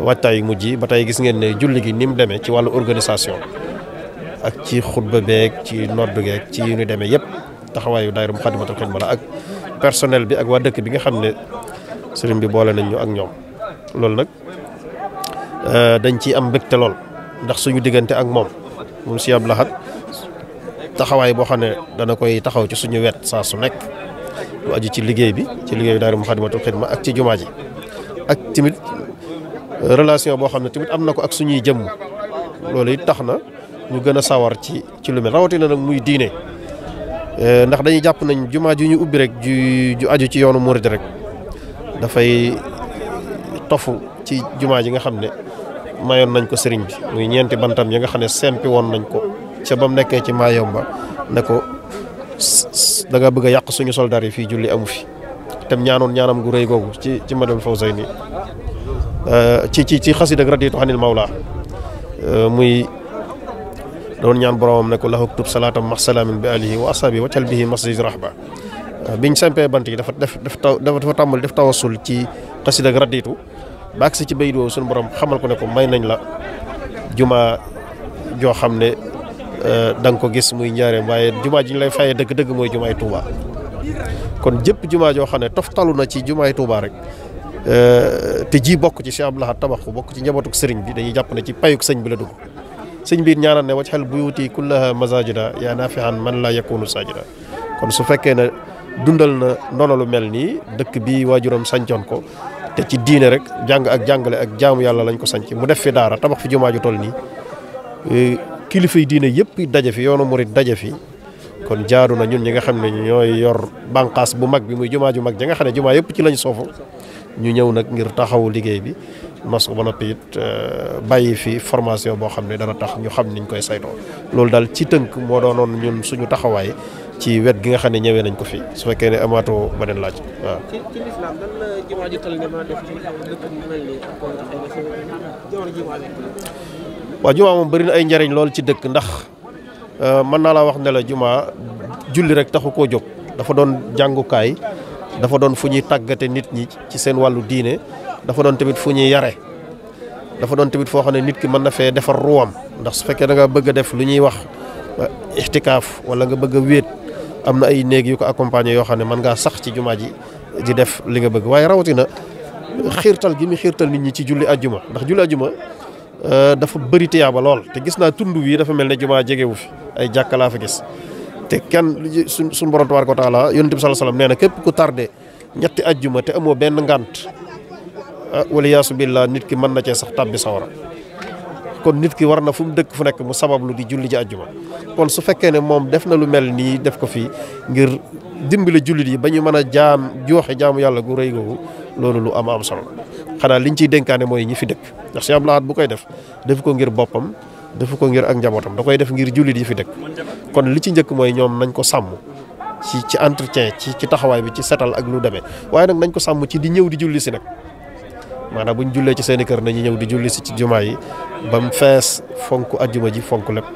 waajtaay mujj yi ba tey gis ngeen ne julli ni mu demee ci wàllu organisation ak ci xutba beeg ci nodd geeg ci yu ñu demee yëpp taxawaayu daayira Muxaddamatul Xidma la ak personnel bi ak waa dëkk bi nga xam ne sëriñ bi boole nañ ñu ak ñoom loolu nag euh, dañ ci am mbégte lool ndax suñu diggante ak moom moom si Abdou Lahad taxawaay boo xam ne dana koy taxaw ci suñu wet saa su nekk lu aju ci liggéey bi ci liggéey daara Moukhaddamatoul Khidma ak ci jumaa ji ak tamit euh, relation boo xam ne tamit am na ko ak suñuy jëmm loolu it tax na ñu gën a sawar ci ci lu mel rawatina nag muy diine euh, ndax dañuy jàpp nañ jumaa ju ñu ubbi rek ju ju aju ci yoonu murid rek dafay tofu ci jumaa ji nga xam ne mayoon nañ ko sëriñ bi muy ñeenti bantam yi nga xam ne sempi woon nañ ko ca ba mu nekkee ci Mayomba ne ko danga nga yàq suñu soldats yi fii julli amu fi tam ñaanoon ñaanam gu rëy googu ci ci Madal Fawzayni euh, ci ci ci xasida ak raditu anil mawla euh, muy doon ñaan boromam ne ko la uktub salaatam ma salaamin bi alihi wa ashabi wa talbihi masjid rahba euh, biñ sempee bant yi dafa def def taw dafa tàmbali def tawassul ci xasida ak raditu baax si ci bayit woowu suñu borom xamal ko ne ko may nañ la juma joo xam ne Euh, da nga ko gis muy njaareem waaye jumaa ji ñu lay fayee dëgg-dëgg mooy jumaay Touba kon jëpp jumaa joo xam ne toftalu na ci jumaay Touba rek euh, te jii bokk ci Cheikh Abdou Lahad tabax ko bokk ci njabootuk sëriñ bi dañuy jàpp na ci payuk sëñ bi la dugg sëñ biir ñaanal ne waj xel buyuti kullaha masajida yaa naafihan man laa la yakunu sajida kon su fekkee ne dundal na ndono lu mel nii dëkk bi waajuram sancoon ko te ci diine rek jàng ak jàngale ak jaamu yàlla lañ ko sanc mu def fi daara tabax fi jumaa ju toll nii kilifa yi diine yëpp daje fi yoonu murit daje fi kon jaadu na ñun ñi nga xam ne ñooy yor banqaas bu mag bi muy jumaa ju mag ja nga xam ne jumaa yëpp ci lañ soofu ñu ñëw nag ngir taxawu liggéey bi mas ba noppi it euh, bàyyi fi formation boo xam ne dana tax ñu xam niñ koy saytoo loolu daal ci tënk moo doonoon ñun suñu taxawaay ci wet gi nga xam ne ñëwee nañ ko fi su fekkee ne amaatoo beneen laaj waaw. waaw jumaa moom bëri na ay njariñ lool ci dëkk ndax euh, mën naa laa wax ne la jumaa julli rek taxu koo jóg dafa doon jàngukaay dafa doon fu ñuy tàggate nit ñi ci seen wàllu diine dafa doon tamit fu ñuy yare dafa doon tamit foo xam ne nit ki mën na fee defar ruwam ndax su fekkee da nga bëgg a def lu ñuy wax euh, ixtikaaf wala nga bëgg a wéet am na ay néeg yu ko accompagner yoo xam ne mën ngaa sax ci jumaa ji di def li nga bëgg waaye rawatina xiirtal gi muy xiirtal nit ñi ci julli ajjuma ndax julli ajjuma Euh, dafa bëri tiyaaba lool te gis naa tund wi dafa mel ne jumaa jegewu fi ay jàkka laa fa gis te kenn suñ suñ borom tabaaraka wa taala yonent bi sallallahu alayhi nee na képp ku tardé ñetti ajjuma te amoo benn ngant ah, wala yaasu billah nit ki mën na cee sax tàbbi sawara kon nit ki war na fu mu dëkk fu nekk mu lu di julli ji ajjuma kon su fekkee ne moom def na lu mel nii def ko fii ngir dimbali jullit yi ba ñu mën a jaam jooxe jaamu yàlla gu rëy googu loolu lu am am solo xanaa liñ ciy dénkaane mooy ñi fi dëkk ndax Cheikh Abdou Lahad bu koy def def ko ngir boppam def ko ngir ak njabootam da koy def ngir jullit yi fi dëkk kon li ci njëkk mooy ñoom nañ ko sàmm ci ci entretien ci ci taxawaay bi ci setal ak lu demee waaye nag nañ ko sàmm ci di ñëw di julli si nag maanaam buñ jullee ci seen i kër nañu ñëw di julli si ci jumaa yi ba mu fees fonk ajjuma ji fonk lépp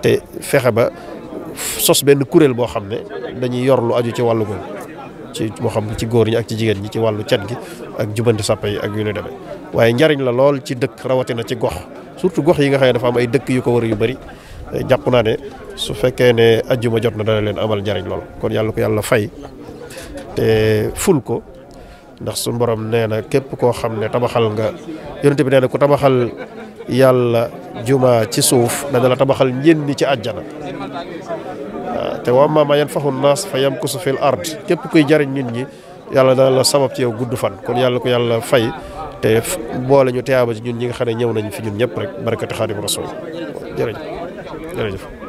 te fexe ba sos benn kuréel boo xam ne dañuy yor lu aju ci wàllu googu ci moo xam ci góor ñi ak ci jigéen ñi ci wàllu cet gi ak jubanti sàppe yi ak yu ñu demee waaye njariñ la lool ci dëkk rawatina ci gox surtout gox yi nga xam ne dafa am ay dëkk yu ko wër yu bari jàpp naa ne su fekkee ne ajjuma jot na dana leen amal njariñ lool kon yàlla ko yàlla fay te ful ko ndax su borom nee na képp koo xam ne tabaxal nga yonent bi nee na ku tabaxal yàlla juma ci suuf dana la tabaxal njënd ci àjjana te wa ammaa maa yanfaxu naas fa yamkusu fil ard képp kuy jariñ nit ñi yàlla dana la sabab ci yow gudd fan kon yàlla ko yàlla fay te boole ñu teyaaba ji ñun ñi nga xam ne ñëw nañ fi ñun ñëpp rek barakati xaadim rasul jërëjëf jërëjëf